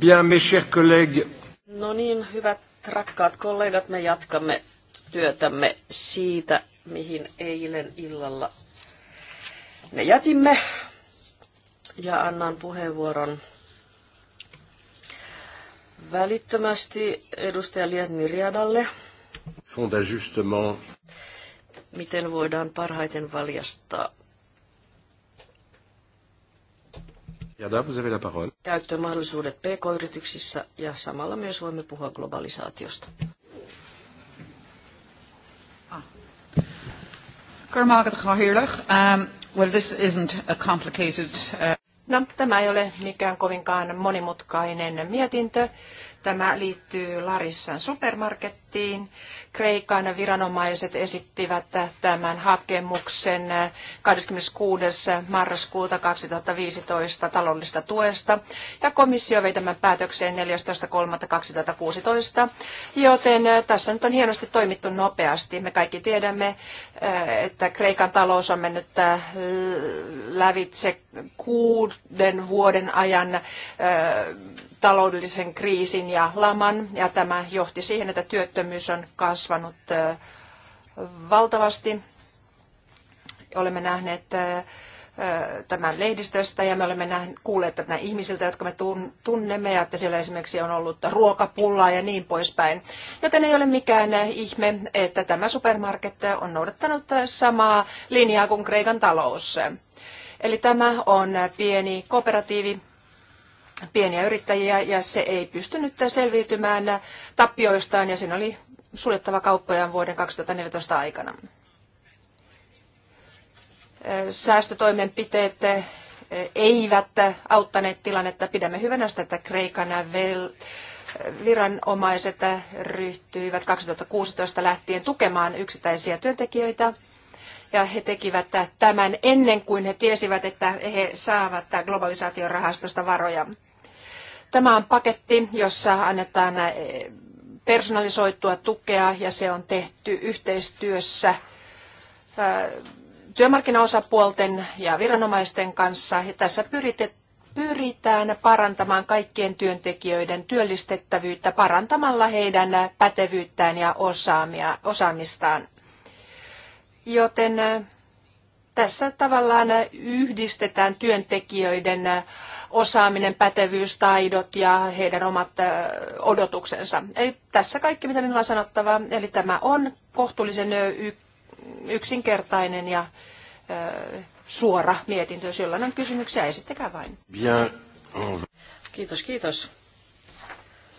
Bien, mes chers collègues. No niin, hyvät rakkaat kollegat, me jatkamme työtämme siitä, mihin eilen illalla ne jätimme. Ja annan puheenvuoron välittömästi edustaja Lietni Riadalle. Fond d'ajustement. Miten voidaan parhaiten valjastaa Ja daar vous avez la parole. Käyttömahdollisuudet PK-yrityksissä ja samalla myös voimme puhua globalisaatiosta. Ah. Ehm, eh, no, tämä ei ole mikään kovinkaan monimutkainen mietintö. Tämä liittyy Larissan supermarkettiin. Kreikan viranomaiset esittivät tämän hakemuksen 26. marraskuuta 2015 taloudellista tuesta ja komissio vei tämän päätökseen 14.3.2016, joten tässä nyt on hienosti toimittu nopeasti. Me kaikki tiedämme, että Kreikan talous on mennyt lävitse kuuden vuoden ajan taloudellisen kriisin ja laman, ja tämä johti siihen, että työttömyys on kasvanut valtavasti. Olemme nähneet tämän lehdistöstä ja me olemme kuulleet tätä ihmisiltä, jotka me tunnemme ja että siellä esimerkiksi on ollut ruokapullaa ja niin poispäin. Joten ei ole mikään ihme, että tämä supermarket on noudattanut samaa linjaa kuin Kreikan talous. Eli tämä on pieni kooperatiivi, pieniä yrittäjiä ja se ei pystynyt selviytymään tappioistaan ja sen oli suljettava kauppojaan vuoden 2014 aikana. Säästötoimenpiteet eivät auttaneet tilannetta. Pidämme hyvänä sitä, että Kreikan viranomaiset ryhtyivät 2016 lähtien tukemaan yksittäisiä työntekijöitä. Ja he tekivät tämän ennen kuin he tiesivät, että he saavat globalisaation rahastosta varoja. Tämä on paketti, jossa annetaan eh, personalisoitua tukea ja se on tehty yhteistyössä eh, työmarkkinaosapuolten ja viranomaisten kanssa. Ja tässä pyritään parantamaan kaikkien työntekijöiden työllistettävyyttä parantamalla heidän pätevyyttään ja osaamistaan. Joten eh, tässä tavallaan yhdistetään työntekijöiden osaaminen, pätevyys, taidot ja heidän omat odotuksensa. Eli tässä kaikki, mitä minulla on sanottavaa. Eli tämä on kohtuullisen yksinkertainen ja suora mietintö. Jos jollain on kysymyksiä, esittäkää vain. Oh. Kiitos, kiitos.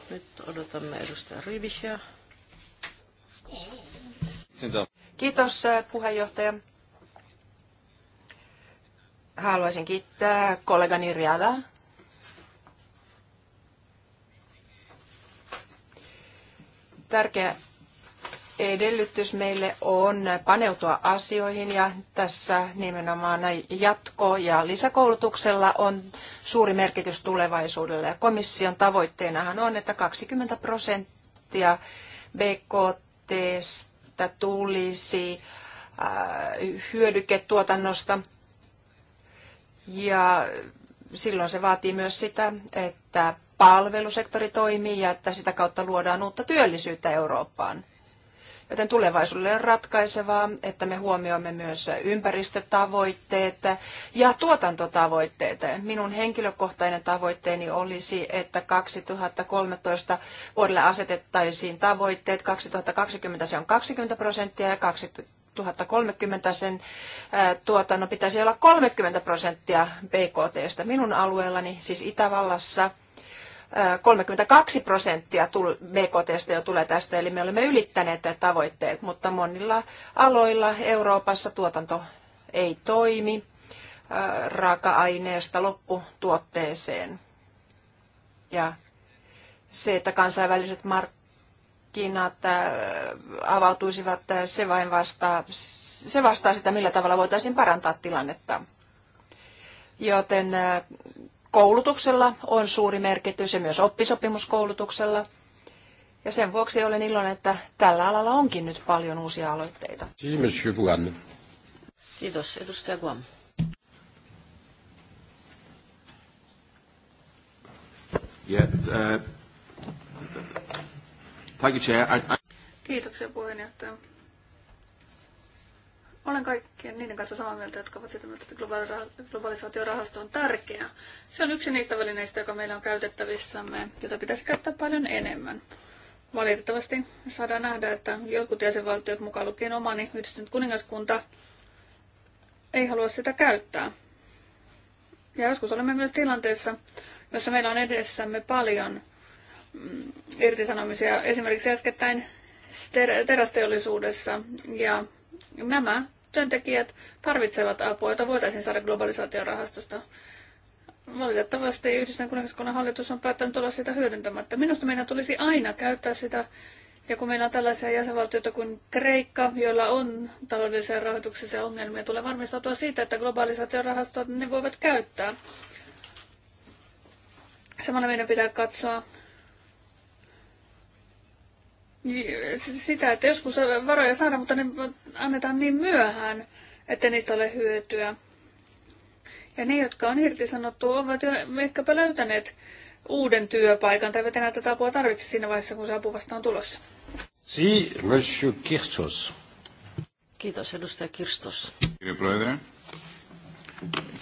Nyt odotamme edustaja Rybisiä. Kiitos puheenjohtaja. Haluaisin kiittää kollegani Riadaa. tärkeä edellytys meille on paneutua asioihin ja tässä nimenomaan jatko- ja lisäkoulutuksella on suuri merkitys tulevaisuudelle. Ja komission tavoitteenahan on, että 20 prosenttia BKTstä tulisi äh, hyödyketuotannosta ja silloin se vaatii myös sitä, että palvelusektori toimii ja että sitä kautta luodaan uutta työllisyyttä Eurooppaan. Joten tulevaisuudelle on ratkaisevaa, että me huomioimme myös ympäristötavoitteet ja tuotantotavoitteet. Minun henkilökohtainen tavoitteeni olisi, että 2013 vuodelle asetettaisiin tavoitteet. 2020 se on 20 prosenttia ja 20 2030 sen tuotannon pitäisi olla 30 prosenttia BKTstä. Minun alueellani, siis Itävallassa, 32 prosenttia BKTstä jo tulee tästä, eli me olemme ylittäneet tavoitteet, mutta monilla aloilla Euroopassa tuotanto ei toimi raaka-aineesta lopputuotteeseen. Ja se, että kansainväliset markkinat markkinat äh, avautuisivat, äh, se vain vastaa, se vastaa sitä, millä tavalla voitaisiin parantaa tilannetta. Joten äh, koulutuksella on suuri merkitys ja myös oppisopimuskoulutuksella. Ja sen vuoksi olen iloinen, että tällä alalla onkin nyt paljon uusia aloitteita. Kiitos, edustaja Guam. Yeah, uh... Thank you, Chair. I, I... Kiitoksia puheenjohtaja. Olen kaikkien niiden kanssa samaa mieltä, jotka ovat sitä mieltä, että globalisaatiorahasto on tärkeä. Se on yksi niistä välineistä, joka meillä on käytettävissämme, jota pitäisi käyttää paljon enemmän. Valitettavasti saadaan nähdä, että jotkut jäsenvaltiot, mukaan lukien omani yhdistynyt kuningaskunta, ei halua sitä käyttää. Ja joskus olemme myös tilanteessa, jossa meillä on edessämme paljon irtisanomisia esimerkiksi äskettäin terästeollisuudessa. Ja nämä työntekijät tarvitsevat apua, jota voitaisiin saada globalisaatiorahastosta. Valitettavasti Yhdistyneen kuningaskunnan hallitus on päättänyt olla sitä hyödyntämättä. Minusta meidän tulisi aina käyttää sitä, ja kun meillä on tällaisia jäsenvaltioita kuin Kreikka, joilla on taloudellisia rahoituksia ongelmia, tulee varmistautua siitä, että globalisaatiorahastot ne voivat käyttää. Samalla meidän pitää katsoa sitä, että joskus varoja saadaan, mutta ne annetaan niin myöhään, että niistä ole hyötyä. Ja ne, jotka on irtisanottu, ovat jo ehkäpä löytäneet uuden työpaikan tai enää tätä apua tarvitse siinä vaiheessa, kun se apu vasta on tulossa. Si, Monsieur Kirstos. Kiitos, edustaja Kirstos. Kiitos, Πρόεδρε,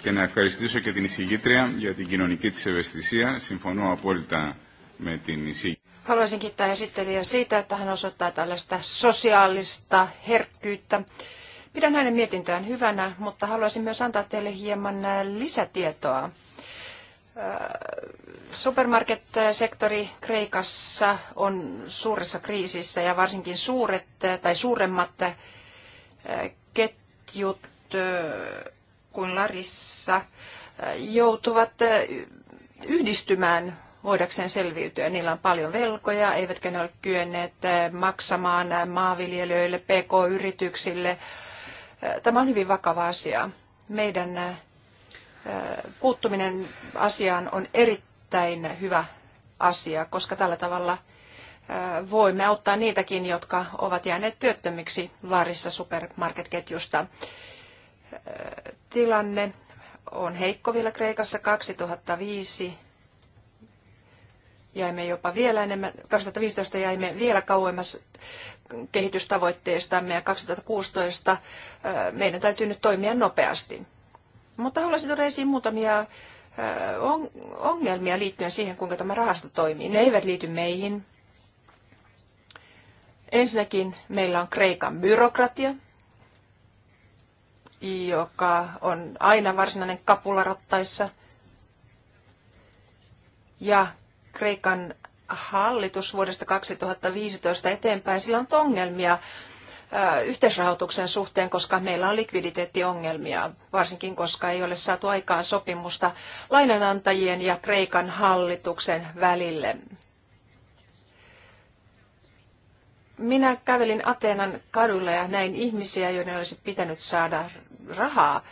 και να ευχαριστήσω και την εισηγήτρια για την κοινωνική της ευαισθησία. Συμφωνώ απόλυτα με την εισηγήτρια. Haluaisin kiittää esittelijää siitä, että hän osoittaa tällaista sosiaalista herkkyyttä. Pidän hänen mietintöään hyvänä, mutta haluaisin myös antaa teille hieman äh, lisätietoa. Äh, supermarket-sektori Kreikassa on suuressa kriisissä ja varsinkin suuret äh, tai suuremmat ketjut kuin Larissa joutuvat yhdistymään voidakseen selviytyä. Niillä on paljon velkoja, eivätkä ne ole kyenneet eh, maksamaan eh, maanviljelijöille, pk-yrityksille. Eh, tämä on hyvin vakava asia. Meidän puuttuminen asiaan on erittäin hyvä asia, koska tällä tavalla voimme auttaa niitäkin, jotka ovat jääneet työttömiksi Laarissa supermarketketjusta. Tilanne on heikko vielä Kreikassa 2005 jäimme jopa vielä enemmän, 2015 jäimme vielä kauemmas kehitystavoitteestamme ja 2016 äh, meidän täytyy nyt toimia nopeasti. Mutta haluaisin tuoda esiin muutamia äh, ongelmia liittyen siihen, kuinka tämä rahasto toimii. Ne eivät liity meihin. Ensinnäkin meillä on Kreikan byrokratia, joka on aina varsinainen kapularattaissa. Ja Kreikan hallitus vuodesta 2015 eteenpäin, sillä on ongelmia äh, yhteisrahoituksen suhteen, koska meillä on likviditeettiongelmia, varsinkin koska ei ole saatu aikaan sopimusta lainanantajien ja Kreikan hallituksen välille. Minä kävelin Ateenan kadulla ja näin ihmisiä, joiden olisi pitänyt saada rahaa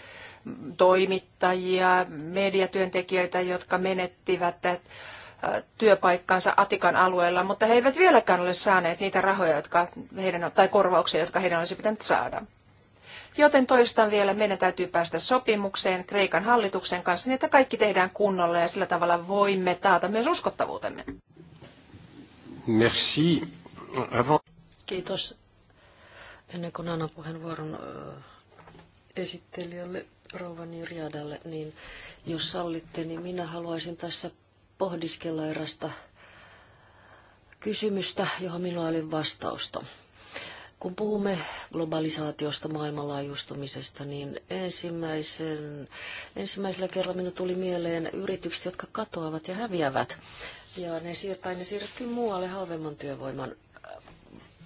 toimittajia, mediatyöntekijöitä, jotka menettivät työpaikkansa Atikan alueella, mutta he eivät vieläkään ole saaneet niitä rahoja jotka heidän, tai korvauksia, jotka heidän olisi pitänyt saada. Joten toistan vielä, meidän täytyy päästä sopimukseen Kreikan hallituksen kanssa niin, että kaikki tehdään kunnolla ja sillä tavalla voimme taata myös uskottavuutemme. Merci. Kiitos. Ennen kuin annan puheenvuoron esittelijälle Rouva Nyrjadalle, niin jos sallitte, niin minä haluaisin tässä pohdiskella erästä kysymystä, johon minulla oli vastausta. Kun puhumme globalisaatiosta, maailmanlaajuistumisesta, niin ensimmäisen, ensimmäisellä kerralla minun tuli mieleen yritykset, jotka katoavat ja häviävät. Ja ne, tai ne siirrettiin muualle halvemman työvoiman äh,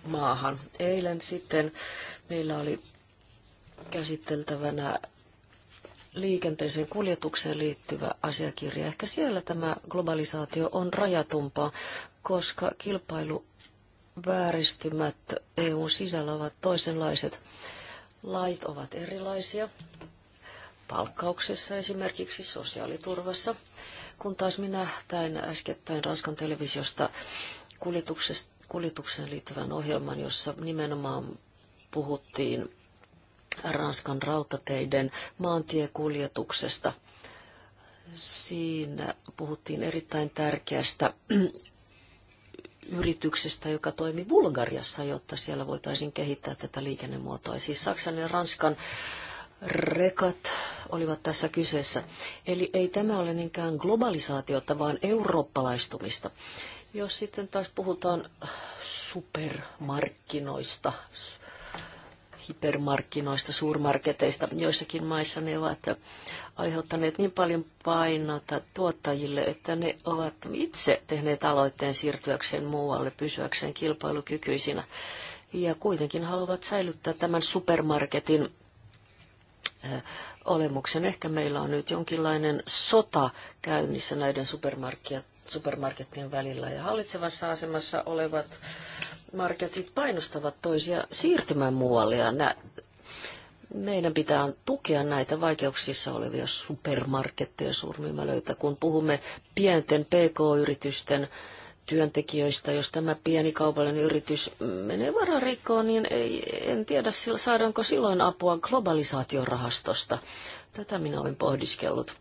maahan. Eilen sitten meillä oli käsiteltävänä liikenteeseen kuljetukseen liittyvä asiakirja. Ehkä siellä tämä globalisaatio on rajatumpaa, koska kilpailuvääristymät EUn sisällä ovat toisenlaiset. Lait ovat erilaisia, palkkauksessa esimerkiksi sosiaaliturvassa, kun taas minä tämän äskettäin Ranskan televisiosta kuljetukseen liittyvän ohjelman, jossa nimenomaan puhuttiin Ranskan rautateiden maantiekuljetuksesta. Siinä puhuttiin erittäin tärkeästä yrityksestä, joka toimi Bulgariassa, jotta siellä voitaisiin kehittää tätä liikennemuotoa. Siis Saksan ja Ranskan rekat olivat tässä kyseessä. Eli ei tämä ole niinkään globalisaatiota, vaan eurooppalaistumista. Jos sitten taas puhutaan supermarkkinoista, hypermarkkinoista, suurmarketeista. Joissakin maissa ne ovat aiheuttaneet niin paljon painota tuottajille, että ne ovat itse tehneet aloitteen siirtyäkseen muualle, pysyäkseen kilpailukykyisinä. Ja kuitenkin haluavat säilyttää tämän supermarketin olemuksen. Ehkä meillä on nyt jonkinlainen sota käynnissä näiden supermarkettien supermarkettien välillä. Ja hallitsevassa asemassa olevat marketit painostavat toisia siirtymään muualle ja nä- meidän pitää tukea näitä vaikeuksissa olevia supermarketteja suurmyymälöitä, kun puhumme pienten pk-yritysten työntekijöistä, jos tämä pieni kaupallinen yritys menee vararikkoon, niin ei, en tiedä saadaanko silloin apua globalisaatiorahastosta. Tätä minä olen pohdiskellut,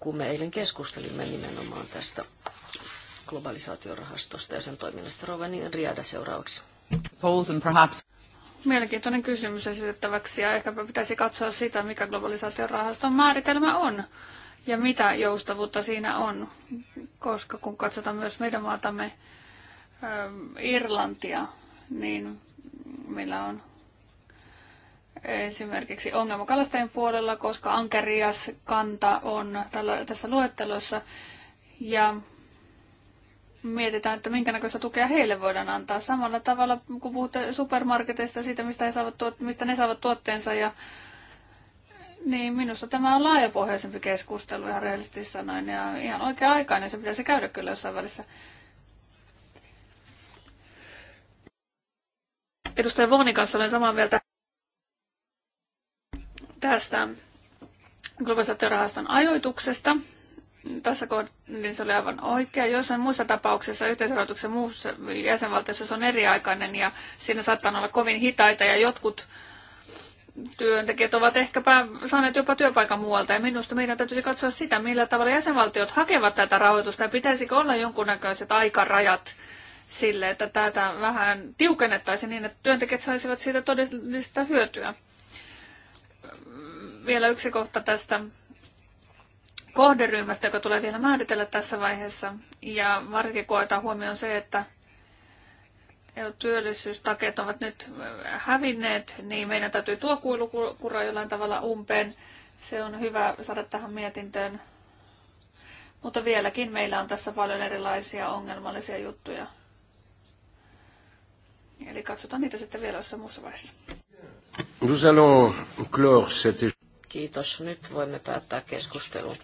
kun me eilen keskustelimme nimenomaan tästä globalisaatiorahastosta ja sen toiminnasta. Rovani Riada seuraavaksi. Mielenkiintoinen kysymys esitettäväksi ja ehkäpä pitäisi katsoa sitä, mikä globalisaatiorahaston määritelmä on ja mitä joustavuutta siinä on, koska kun katsotaan myös meidän maatamme ähm, Irlantia, niin meillä on esimerkiksi ongelmakalastajien puolella, koska ankerias kanta on tässä luettelossa ja mietitään, että minkä näköistä tukea heille voidaan antaa. Samalla tavalla, kun puhutte supermarketeista siitä, mistä, he saavat tuot, mistä ne saavat tuotteensa, ja, niin minusta tämä on laajapohjaisempi keskustelu ihan rehellisesti sanoen, ja ihan oikea-aikainen se pitäisi käydä kyllä jossain välissä. Edustaja Vonin kanssa olen samaa mieltä tästä globalisaatiorahaston ajoituksesta tässä kohdin se oli aivan oikea. Joissain muissa tapauksissa yhteisrahoituksen muussa jäsenvaltiossa se on eriaikainen ja siinä saattaa olla kovin hitaita ja jotkut työntekijät ovat ehkäpä saaneet jopa työpaikan muualta ja minusta meidän täytyisi katsoa sitä, millä tavalla jäsenvaltiot hakevat tätä rahoitusta ja pitäisikö olla jonkunnäköiset aikarajat sille, että tätä vähän tiukennettaisiin niin, että työntekijät saisivat siitä todellista hyötyä. Vielä yksi kohta tästä kohderyhmästä, joka tulee vielä määritellä tässä vaiheessa. Ja varsinkin kun otetaan huomioon se, että työllisyystakeet ovat nyt hävinneet, niin meidän täytyy tuo kuilukura jollain tavalla umpeen. Se on hyvä saada tähän mietintöön. Mutta vieläkin meillä on tässä paljon erilaisia ongelmallisia juttuja. Eli katsotaan niitä sitten vielä jossain muussa vaiheessa. Nous allons clore cette... Kiitos. Nyt voimme päättää keskustelun,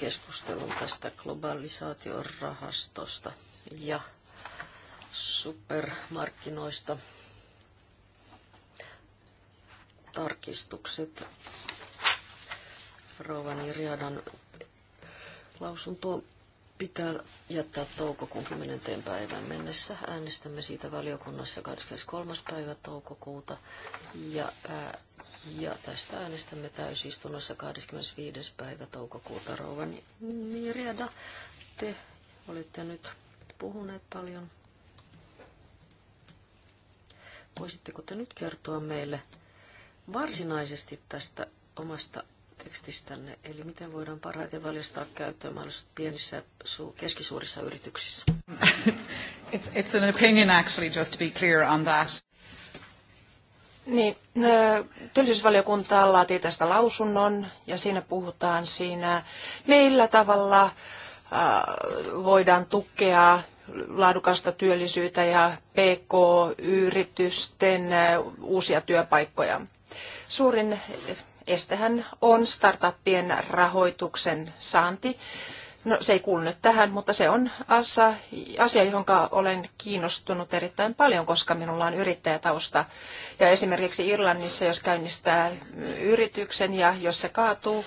keskustelun tästä globalisaation rahastosta ja supermarkkinoista. Tarkistukset Rovani Riadan lausunto pitää jättää toukokuun 10. päivään mennessä. Äänestämme siitä valiokunnassa 23. päivä toukokuuta ja ja tästä äänestämme täysistunnossa 25. päivä toukokuuta. Rouva Mirjada, te olette nyt puhuneet paljon. Voisitteko te nyt kertoa meille varsinaisesti tästä omasta tekstistänne, eli miten voidaan parhaiten valjastaa käyttöön mahdollisesti pienissä su- keskisuurissa yrityksissä? It's, it's an opinion actually, just to be clear on that. Niin, työllisyysvaliokunta laatii tästä lausunnon ja siinä puhutaan siinä, millä tavalla voidaan tukea laadukasta työllisyyttä ja PK-yritysten uusia työpaikkoja. Suurin estehän on startuppien rahoituksen saanti No se ei kuulu nyt tähän, mutta se on asia, asia, johon olen kiinnostunut erittäin paljon, koska minulla on yrittäjätausta. Ja esimerkiksi Irlannissa, jos käynnistää yrityksen ja jos se kaatuu,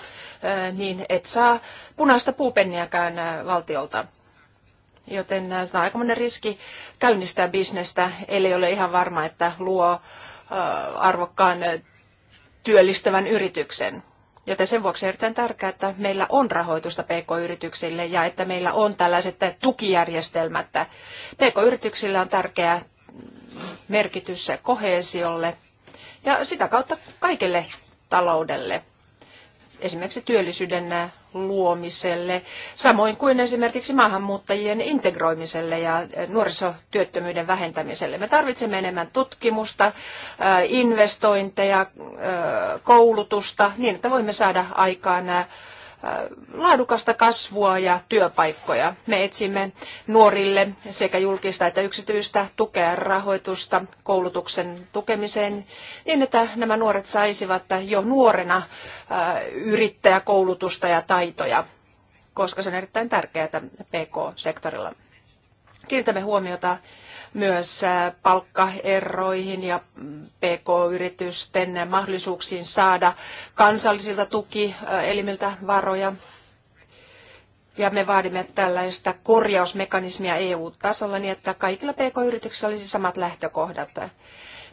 niin et saa punaista puupenniäkään valtiolta. Joten se on aikamoinen riski käynnistää bisnestä, ellei ole ihan varma, että luo arvokkaan työllistävän yrityksen. Joten sen vuoksi on erittäin tärkeää, että meillä on rahoitusta PK-yrityksille ja että meillä on tällaiset tukijärjestelmät. PK-yrityksillä on tärkeä merkitys koheesiolle ja sitä kautta kaikille taloudelle esimerkiksi työllisyyden luomiselle, samoin kuin esimerkiksi maahanmuuttajien integroimiselle ja nuorisotyöttömyyden vähentämiselle. Me tarvitsemme enemmän tutkimusta, äh, investointeja, äh, koulutusta, niin että voimme saada aikaan äh, Äh, laadukasta kasvua ja työpaikkoja. Me etsimme nuorille sekä julkista että yksityistä tukea rahoitusta koulutuksen tukemiseen niin, että nämä nuoret saisivat jo nuorena äh, yrittäjäkoulutusta ja taitoja, koska se on erittäin tärkeää PK-sektorilla. Kiinnitämme huomiota myös äh, palkkaeroihin ja mm, PK-yritysten mahdollisuuksiin saada kansallisilta tukielimiltä varoja. Ja me vaadimme tällaista korjausmekanismia EU-tasolla niin, että kaikilla PK-yrityksillä olisi samat lähtökohdat.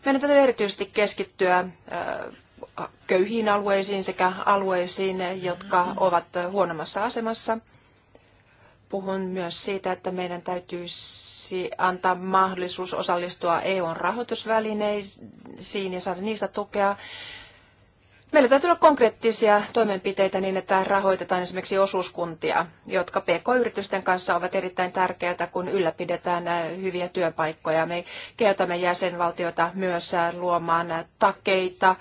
Meidän täytyy erityisesti keskittyä äh, köyhiin alueisiin sekä alueisiin, jotka ovat huonommassa asemassa – puhun myös siitä, että meidän täytyisi antaa mahdollisuus osallistua EUn rahoitusvälineisiin ja saada niistä tukea. Meillä täytyy olla konkreettisia toimenpiteitä niin, että rahoitetaan esimerkiksi osuuskuntia, jotka PK-yritysten kanssa ovat erittäin tärkeitä, kun ylläpidetään äh, hyviä työpaikkoja. Me kehotamme jäsenvaltioita myös äh, luomaan takeita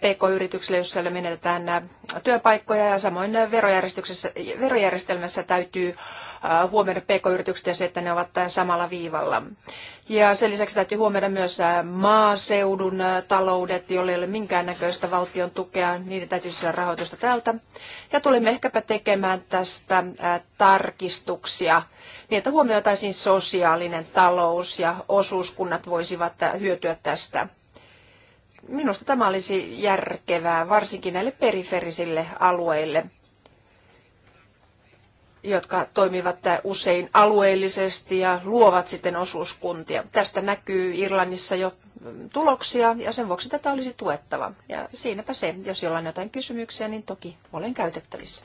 PK-yrityksille, jossa menetetään äh, työpaikkoja ja samoin verojärjestyksessä, verojärjestelmässä täytyy äh, huomioida PK-yritykset ja se, että ne ovat samalla viivalla. Ja sen lisäksi täytyy huomioida myös äh, maaseudun taloudet, joille ei ole minkäännäköistä valtion tukea, niiden täytyy saada rahoitusta täältä. Ja tulemme ehkäpä tekemään tästä tarkistuksia, niin että huomioitaisiin sosiaalinen talous ja osuuskunnat voisivat hyötyä tästä. Minusta tämä olisi järkevää, varsinkin näille periferisille alueille, jotka toimivat usein alueellisesti ja luovat sitten osuuskuntia. Tästä näkyy Irlannissa jo tuloksia ja sen vuoksi tätä olisi tuettava. Ja siinäpä se, jos jollain jotain kysymyksiä, niin toki olen käytettävissä.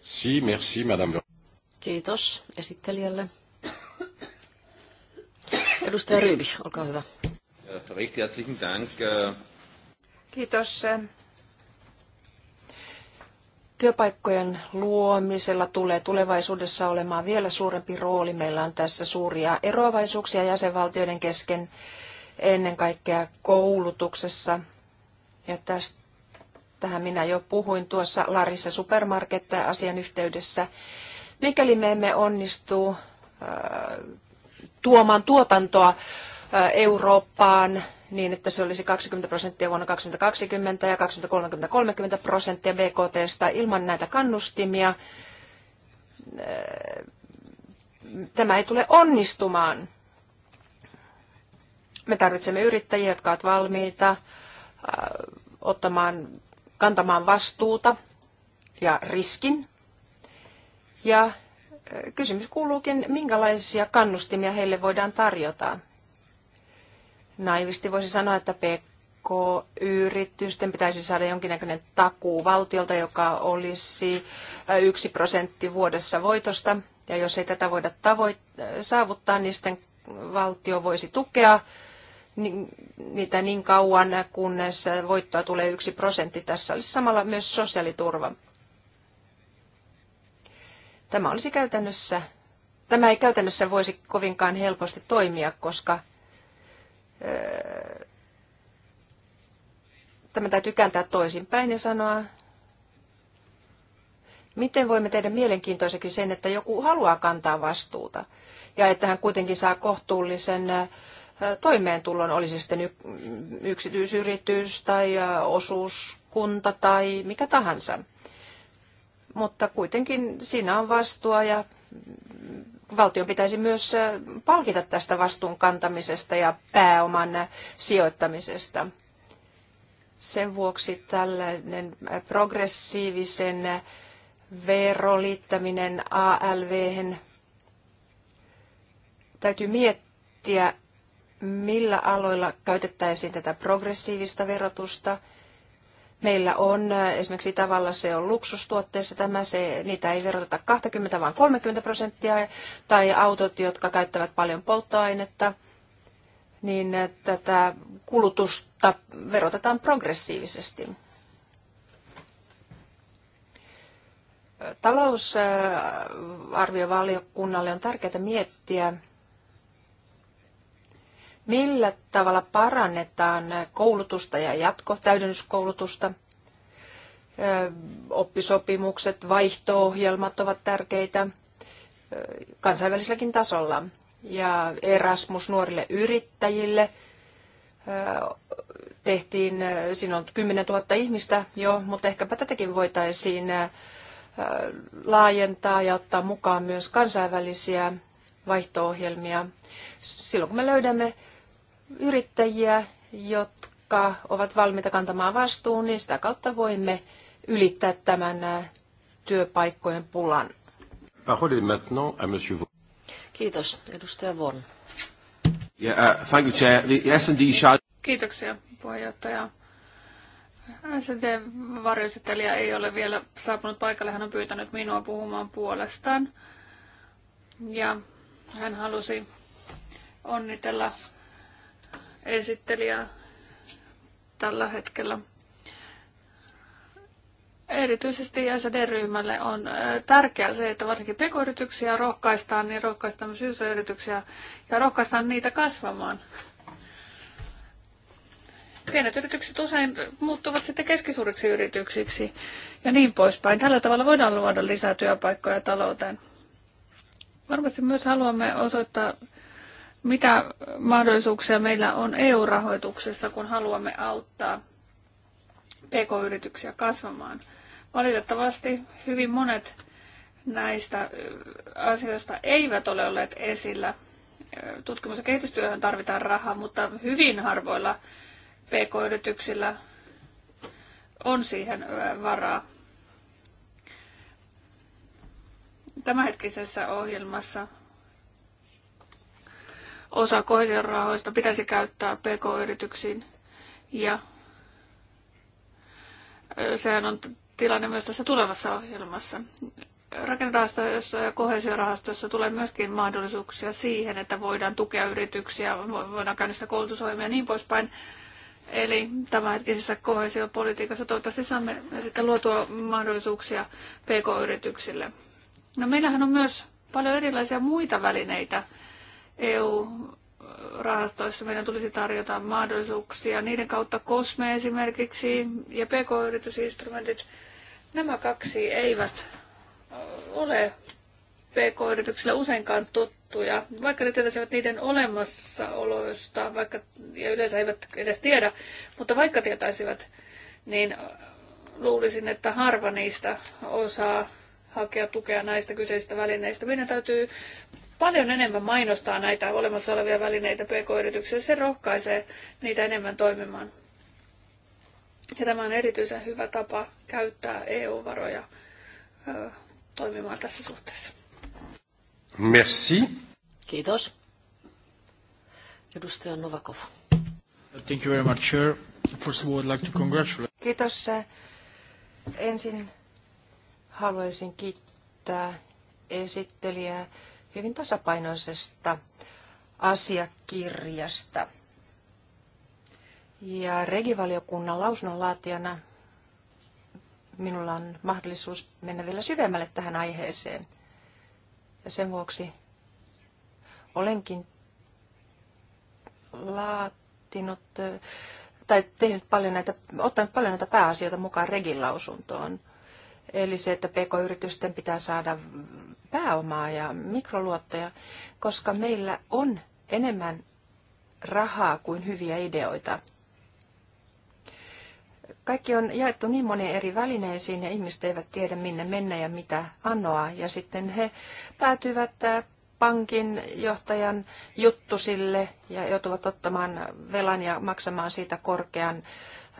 Si, merci, madame. Kiitos esittelijälle. Edustaja Ryyvi, olkaa hyvä. Kiitos. Työpaikkojen luomisella tulee tulevaisuudessa olemaan vielä suurempi rooli. Meillä on tässä suuria eroavaisuuksia jäsenvaltioiden kesken, ennen kaikkea koulutuksessa. Ja tästä, tähän minä jo puhuin tuossa Larissa supermarket asian yhteydessä. Mikäli me emme onnistu äh, tuomaan tuotantoa Eurooppaan niin, että se olisi 20 prosenttia vuonna 2020 ja 2030 30 prosenttia BKTsta ilman näitä kannustimia. Tämä ei tule onnistumaan. Me tarvitsemme yrittäjiä, jotka ovat valmiita ottamaan, kantamaan vastuuta ja riskin ja kysymys kuuluukin, minkälaisia kannustimia heille voidaan tarjota. Naivisti voisi sanoa, että PK-yritysten pitäisi saada jonkinnäköinen takuu valtiolta, joka olisi äh, yksi prosentti vuodessa voitosta. Ja jos ei tätä voida tavoit- äh, saavuttaa, niin sitten valtio voisi tukea niitä niin kauan, kunnes voittoa tulee yksi prosentti. Tässä olisi samalla myös sosiaaliturva. Tämä olisi käytännössä, tämä ei käytännössä voisi kovinkaan helposti toimia, koska ö, tämä täytyy kääntää toisinpäin ja sanoa, miten voimme tehdä mielenkiintoiseksi sen, että joku haluaa kantaa vastuuta ja että hän kuitenkin saa kohtuullisen toimeentulon, olisi sitten yksityisyritys tai osuuskunta tai mikä tahansa mutta kuitenkin siinä on vastuua ja valtion pitäisi myös äh, palkita tästä vastuun kantamisesta ja pääoman äh, sijoittamisesta. Sen vuoksi tällainen äh, progressiivisen veroliittäminen ALV täytyy miettiä, millä aloilla käytettäisiin tätä progressiivista verotusta – Meillä on äh, esimerkiksi tavalla se on luksustuotteessa tämä, se, niitä ei veroteta 20 vaan 30 prosenttia, tai autot, jotka käyttävät paljon polttoainetta, niin äh, tätä kulutusta verotetaan progressiivisesti. Talousarviovaliokunnalle on tärkeää miettiä, Millä tavalla parannetaan koulutusta ja jatkotäydennyskoulutusta? Oppisopimukset, vaihto-ohjelmat ovat tärkeitä kansainväliselläkin tasolla. Ja Erasmus nuorille yrittäjille tehtiin, siinä on 10 000 ihmistä jo, mutta ehkäpä tätäkin voitaisiin laajentaa ja ottaa mukaan myös kansainvälisiä vaihto-ohjelmia. Silloin kun me löydämme yrittäjiä, jotka ovat valmiita kantamaan vastuun, niin sitä kautta voimme ylittää tämän työpaikkojen pulan. Kiitos, edustaja Von. Yeah, uh, thank you, Chair. The shall... Kiitoksia, puheenjohtaja. SD-varjoesittelijä ei ole vielä saapunut paikalle. Hän on pyytänyt minua puhumaan puolestaan. Ja hän halusi onnitella esittelijä tällä hetkellä. Erityisesti SD-ryhmälle on tärkeää se, että varsinkin pekoyrityksiä rohkaistaan, niin rohkaistaan myös yrityksiä ja rohkaistaan niitä kasvamaan. Pienet yritykset usein muuttuvat sitten keskisuuriksi yrityksiksi ja niin poispäin. Tällä tavalla voidaan luoda lisää työpaikkoja talouteen. Varmasti myös haluamme osoittaa mitä mahdollisuuksia meillä on EU-rahoituksessa, kun haluamme auttaa pk-yrityksiä kasvamaan. Valitettavasti hyvin monet näistä asioista eivät ole olleet esillä. Tutkimus- ja kehitystyöhön tarvitaan rahaa, mutta hyvin harvoilla pk-yrityksillä on siihen varaa. Tämänhetkisessä ohjelmassa osa kohesiorahoista pitäisi käyttää pk-yrityksiin. Ja sehän on tilanne myös tässä tulevassa ohjelmassa. Rakennerahastoissa ja kohesiorahastossa tulee myöskin mahdollisuuksia siihen, että voidaan tukea yrityksiä, voidaan käynnistää koulutusohjelmia ja niin poispäin. Eli tämänhetkisessä kohesiopolitiikassa toivottavasti saamme sitten luotua mahdollisuuksia pk-yrityksille. No meillähän on myös paljon erilaisia muita välineitä EU-rahastoissa meidän tulisi tarjota mahdollisuuksia. Niiden kautta COSME esimerkiksi ja PK-yritysinstrumentit, nämä kaksi eivät äh, ole PK-yrityksillä useinkaan tuttuja, vaikka ne tietäisivät niiden olemassaoloista, vaikka, ja yleensä eivät edes tiedä, mutta vaikka tietäisivät, niin äh, luulisin, että harva niistä osaa hakea tukea näistä kyseisistä välineistä. Meidän täytyy paljon enemmän mainostaa näitä olemassa olevia välineitä pk-yrityksiä. Se rohkaisee niitä enemmän toimimaan. Ja tämä on erityisen hyvä tapa käyttää EU-varoja toimimaan tässä suhteessa. Merci. Kiitos. Edustaja Novakov. Thank you very much, Chair. First of all, I'd like to congratulate. Kiitos. Ensin haluaisin kiittää esittelijää hyvin tasapainoisesta asiakirjasta. Ja regivaliokunnan lausunnonlaatijana minulla on mahdollisuus mennä vielä syvemmälle tähän aiheeseen. Ja sen vuoksi olenkin laatinut tai tehnyt paljon näitä, ottanut paljon näitä pääasioita mukaan regilausuntoon. lausuntoon. Eli se, että pk-yritysten pitää saada pääomaa ja mikroluottoja, koska meillä on enemmän rahaa kuin hyviä ideoita. Kaikki on jaettu niin moniin eri välineisiin ja ihmiset eivät tiedä minne mennä ja mitä anoa. Ja sitten he päätyvät äh, pankin johtajan juttusille ja joutuvat ottamaan velan ja maksamaan siitä korkean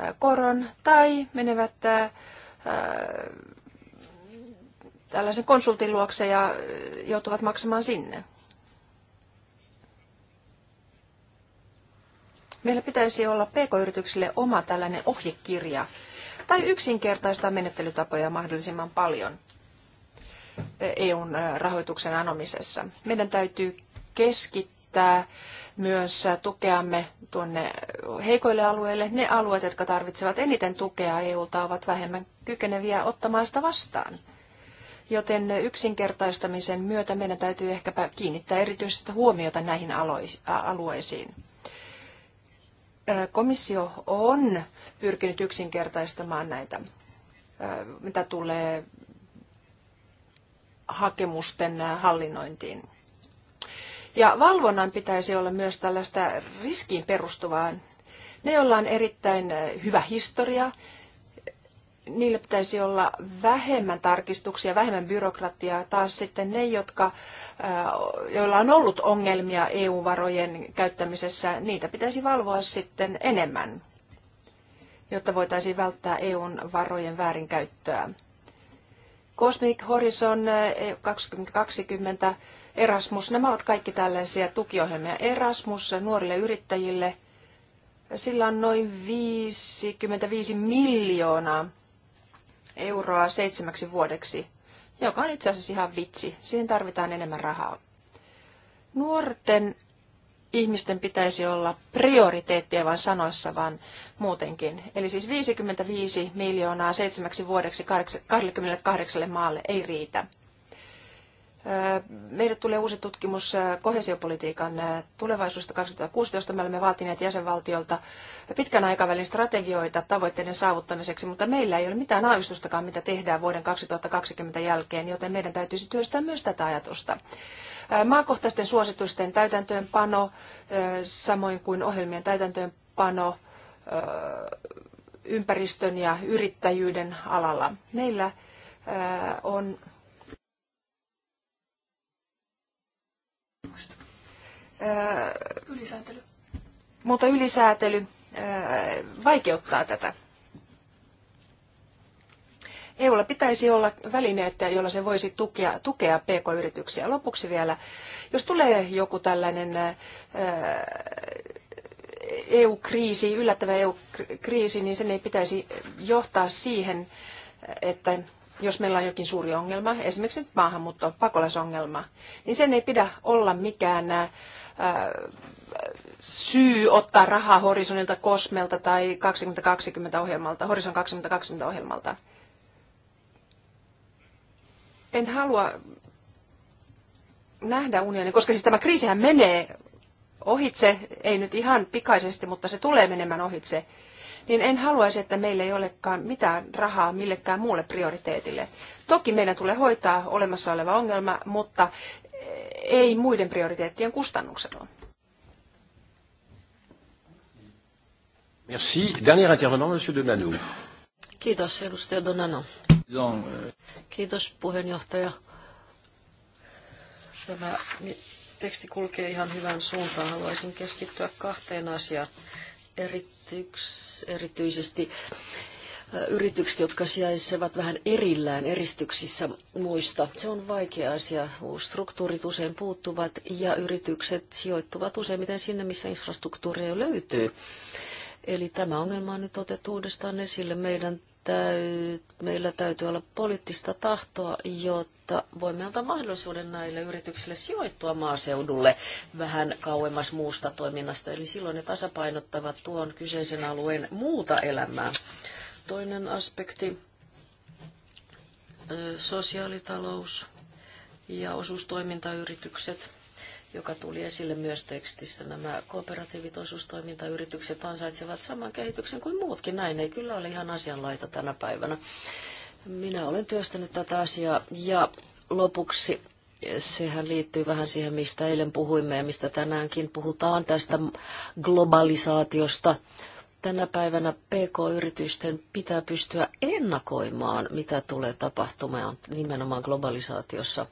äh, koron tai menevät äh, tällaisen konsultin luokse ja äh, joutuvat maksamaan sinne. Meillä pitäisi olla pk-yrityksille oma tällainen ohjekirja tai yksinkertaistaa menettelytapoja mahdollisimman paljon äh, EUn äh, rahoituksen anomisessa. Meidän täytyy keskittää myös tukeamme tuonne heikoille alueille. Ne alueet, jotka tarvitsevat eniten tukea EUlta, ovat vähemmän kykeneviä ottamaan sitä vastaan joten yksinkertaistamisen myötä meidän täytyy ehkäpä kiinnittää erityistä huomiota näihin alueisiin. Komissio on pyrkinyt yksinkertaistamaan näitä, mitä tulee hakemusten hallinnointiin. Ja valvonnan pitäisi olla myös tällaista riskiin perustuvaa. Ne, joilla on erittäin hyvä historia, niillä pitäisi olla vähemmän tarkistuksia, vähemmän byrokratiaa. Taas sitten ne, jotka, äh, joilla on ollut ongelmia EU-varojen käyttämisessä, niitä pitäisi valvoa sitten enemmän, jotta voitaisiin välttää EUn varojen väärinkäyttöä. Cosmic Horizon 2020, eh, Erasmus, nämä ovat kaikki tällaisia tukiohjelmia. Erasmus nuorille yrittäjille, sillä on noin 55 miljoonaa euroa seitsemäksi vuodeksi, joka on itse asiassa ihan vitsi. Siihen tarvitaan enemmän rahaa. Nuorten ihmisten pitäisi olla prioriteettia vain sanoissa, vaan muutenkin. Eli siis 55 miljoonaa seitsemäksi vuodeksi 28 maalle ei riitä. Meille tulee uusi tutkimus kohesiopolitiikan tulevaisuudesta 2016. Me olemme vaatineet jäsenvaltiolta pitkän aikavälin strategioita tavoitteiden saavuttamiseksi, mutta meillä ei ole mitään aavistustakaan, mitä tehdään vuoden 2020 jälkeen, joten meidän täytyisi työstää myös tätä ajatusta. Maakohtaisten suositusten täytäntöönpano, samoin kuin ohjelmien täytäntöönpano ympäristön ja yrittäjyyden alalla. Meillä on Ylisäätely. Mutta ylisäätely äh, vaikeuttaa tätä. EUlla pitäisi olla välineet, jolla se voisi tukea, tukea PK-yrityksiä. Lopuksi vielä, jos tulee joku tällainen äh, EU-kriisi, yllättävä EU-kriisi, niin sen ei pitäisi johtaa siihen, että jos meillä on jokin suuri ongelma, esimerkiksi maahanmuutto, pakolaisongelma, niin sen ei pidä olla mikään äh, Äh, syy ottaa rahaa Horisonilta, Kosmelta tai 2020 ohjelmalta, Horizon 2020 ohjelmalta. En halua nähdä unionia, koska siis tämä kriisihän menee ohitse, ei nyt ihan pikaisesti, mutta se tulee menemään ohitse, niin en haluaisi, että meillä ei olekaan mitään rahaa millekään muulle prioriteetille. Toki meidän tulee hoitaa olemassa oleva ongelma, mutta ei muiden prioriteettien kustannuksella. Merci. Dernier intervenant, Monsieur Nano. Kiitos, edustaja Donano. Kiitos, puheenjohtaja. Tämä teksti kulkee ihan hyvään suuntaan. Haluaisin keskittyä kahteen asiaan erityks, erityisesti yritykset, jotka sijaitsevat vähän erillään eristyksissä muista. Se on vaikea asia. Struktuurit usein puuttuvat ja yritykset sijoittuvat useimmiten sinne, missä infrastruktuuria löytyy. Eli tämä ongelma on nyt otettu uudestaan esille. Meidän täy, meillä täytyy olla poliittista tahtoa, jotta voimme antaa mahdollisuuden näille yrityksille sijoittua maaseudulle vähän kauemmas muusta toiminnasta. Eli silloin ne tasapainottavat tuon kyseisen alueen muuta elämää. Toinen aspekti, sosiaalitalous ja osuustoimintayritykset, joka tuli esille myös tekstissä. Nämä kooperatiivit osuustoimintayritykset ansaitsevat saman kehityksen kuin muutkin. Näin ei kyllä ole ihan asianlaita tänä päivänä. Minä olen työstänyt tätä asiaa ja lopuksi sehän liittyy vähän siihen, mistä eilen puhuimme ja mistä tänäänkin puhutaan tästä globalisaatiosta. Tänä päivänä PK-yritysten pitää pystyä ennakoimaan, mitä tulee tapahtumaan nimenomaan globalisaatiossa.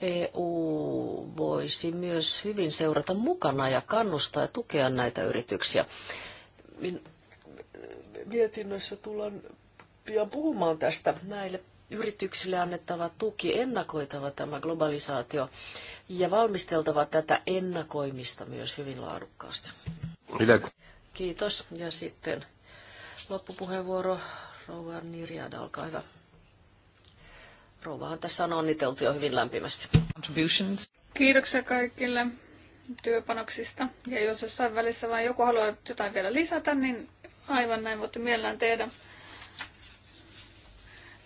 EU voisi myös hyvin seurata mukana ja kannustaa ja tukea näitä yrityksiä. Min, mietinnössä tullaan pian puhumaan tästä. Näille yrityksille annettava tuki, ennakoitava tämä globalisaatio ja valmisteltava tätä ennakoimista myös hyvin laadukkaasti. Kiitos. Ja sitten loppupuheenvuoro. Rouva Nirjada, olkaa hyvä. Rouvahan tässä on onniteltu jo hyvin lämpimästi. Kiitoksia kaikille työpanoksista. Ja jos jossain välissä vain joku haluaa jotain vielä lisätä, niin aivan näin voitte mielellään tehdä.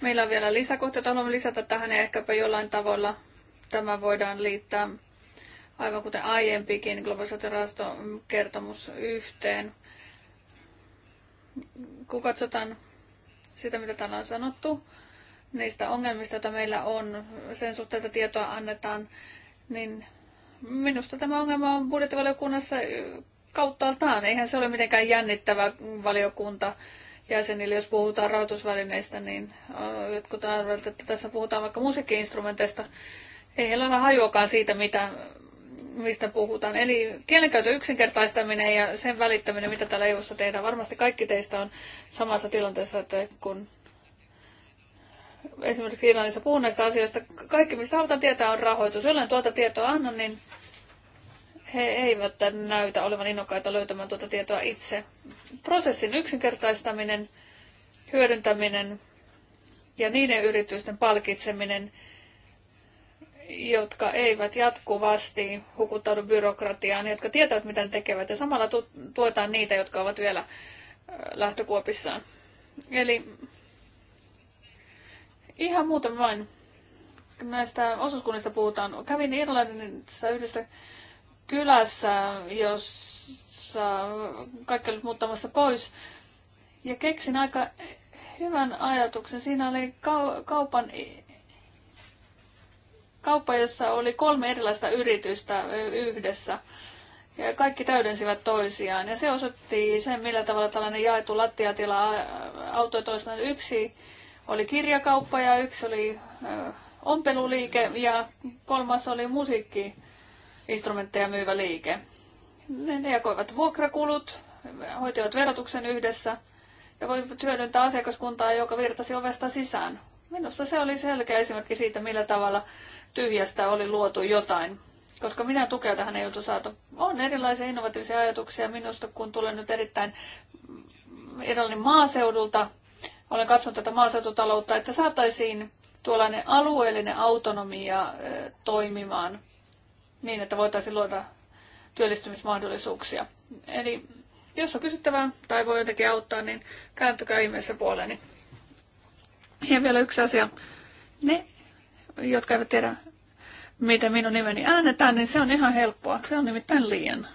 Meillä on vielä lisäkohtia, joita haluamme lisätä tähän ja ehkäpä jollain tavalla tämä voidaan liittää aivan kuten aiempikin globalisaatiorahaston kertomus yhteen kun katsotaan sitä, mitä täällä on sanottu, niistä ongelmista, joita meillä on, sen suhteen, että tietoa annetaan, niin minusta tämä ongelma on budjettivaliokunnassa kauttaaltaan. Eihän se ole mitenkään jännittävä valiokunta jäsenille, jos puhutaan rahoitusvälineistä, niin jotkut arvelevat, että tässä puhutaan vaikka musiikkiinstrumenteista. Ei heillä ole hajuakaan siitä, mitä mistä puhutaan. Eli kielenkäytön yksinkertaistaminen ja sen välittäminen, mitä täällä EU:ssa tehdään. Varmasti kaikki teistä on samassa tilanteessa, että kun esimerkiksi Irlannissa puhun näistä asioista, kaikki mistä halutaan tietää on rahoitus. Jollain tuota tietoa anna, niin he eivät näytä olevan innokkaita löytämään tuota tietoa itse. Prosessin yksinkertaistaminen, hyödyntäminen ja niiden yritysten palkitseminen, jotka eivät jatkuvasti hukuttaudu byrokratiaan, jotka tietävät, mitä ne tekevät, ja samalla tuetaan niitä, jotka ovat vielä lähtökuopissaan. Eli ihan muuten vain. Näistä osuuskunnista puhutaan. Kävin Irlannissa yhdessä kylässä, jossa kaikki oli muuttamassa pois, ja keksin aika hyvän ajatuksen. Siinä oli kaupan kauppa, jossa oli kolme erilaista yritystä yhdessä. Ja kaikki täydensivät toisiaan. Ja se osoitti sen, millä tavalla tällainen jaettu lattiatila auttoi toistaan. Yksi oli kirjakauppa ja yksi oli ompeluliike ja kolmas oli musiikkiinstrumentteja myyvä liike. Ne jakoivat vuokrakulut, hoitivat verotuksen yhdessä ja voivat hyödyntää asiakaskuntaa, joka virtasi ovesta sisään. Minusta se oli selkeä esimerkki siitä, millä tavalla tyhjästä oli luotu jotain. Koska minä tukea tähän ei saatu. On erilaisia innovatiivisia ajatuksia minusta, kun tulen nyt erittäin erilainen maaseudulta. Olen katsonut tätä maaseututaloutta, että saataisiin tuollainen alueellinen autonomia toimimaan niin, että voitaisiin luoda työllistymismahdollisuuksia. Eli jos on kysyttävää tai voi jotenkin auttaa, niin kääntykää ihmeessä puoleeni. Ja vielä yksi asia. Ne jotka eivät tiedä, miten minun nimeni äänetään, niin se on ihan helppoa. Se on nimittäin liian.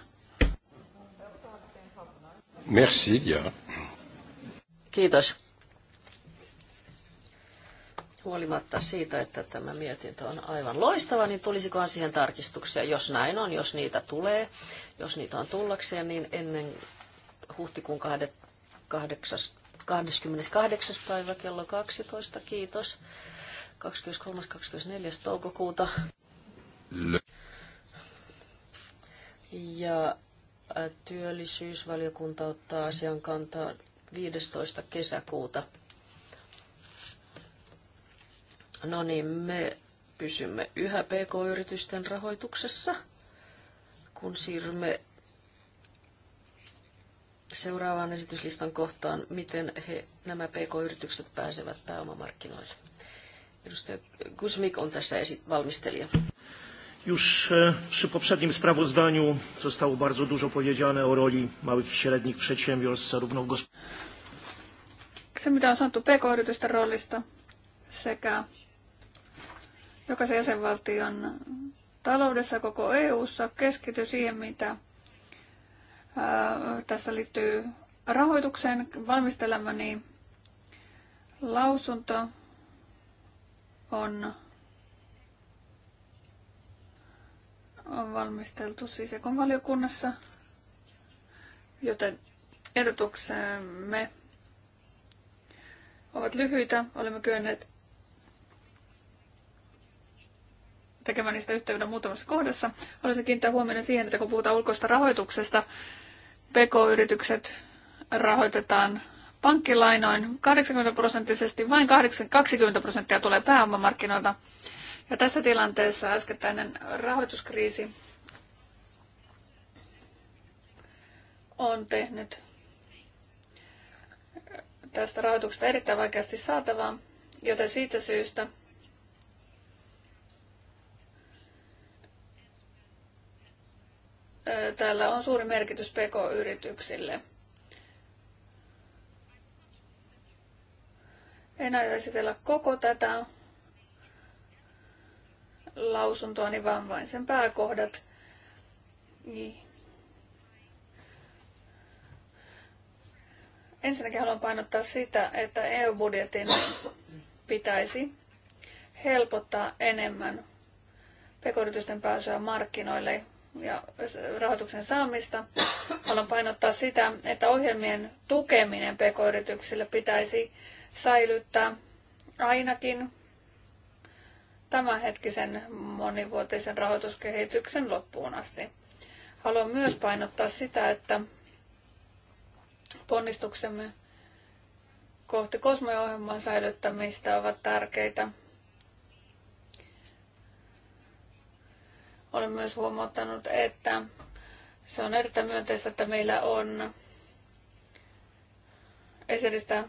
Merci, ja. Kiitos. Huolimatta siitä, että tämä mietintö on aivan loistava, niin tulisikohan siihen tarkistuksia? Jos näin on, jos niitä tulee, jos niitä on tullakseen, niin ennen huhtikuun 28, 28. päivä kello 12. Kiitos. 23-24 toukokuuta. Ja työllisyysvaliokunta ottaa asian kantaa 15. kesäkuuta. No niin, me pysymme yhä PK-yritysten rahoituksessa, kun siirrymme seuraavaan esityslistan kohtaan, miten he, nämä PK-yritykset pääsevät pääomamarkkinoille. Edustaja Kuzmik on tässä esi- valmistelija. Już e, przy poprzednim sprawozdaniu zostało bardzo dużo powiedziane o roli małych i średnich przedsiębiorstw, zarówno w gospodarce. Se, mitä on sanottu pk-yritysten roolista sekä jokaisen jäsenvaltion taloudessa koko EU-ssa keskity siihen, mitä ää, tässä liittyy rahoitukseen valmistelemani lausunto on, on valmisteltu sisäkonvaliokunnassa, joten ehdotuksemme ovat lyhyitä. Olemme kyenneet tekemään niistä yhteyden muutamassa kohdassa. Haluaisin kiinnittää huomioon siihen, että kun puhutaan ulkoista rahoituksesta, PK-yritykset rahoitetaan pankkilainoin 80 prosenttisesti, vain 20 prosenttia tulee pääomamarkkinoilta. Ja tässä tilanteessa äskettäinen rahoituskriisi on tehnyt tästä rahoituksesta erittäin vaikeasti saatavaa, joten siitä syystä täällä on suuri merkitys PK-yrityksille – En aio esitellä koko tätä lausuntoani, niin vaan vain sen pääkohdat. Niin. Ensinnäkin haluan painottaa sitä, että EU-budjetin pitäisi helpottaa enemmän pekoritysten pääsyä markkinoille ja rahoituksen saamista. Haluan painottaa sitä, että ohjelmien tukeminen pekoyrityksille pitäisi säilyttää ainakin tämänhetkisen monivuotisen rahoituskehityksen loppuun asti. Haluan myös painottaa sitä, että ponnistuksemme kohti kosmoohjelman säilyttämistä ovat tärkeitä. Olen myös huomauttanut, että se on erittäin myönteistä, että meillä on esiristä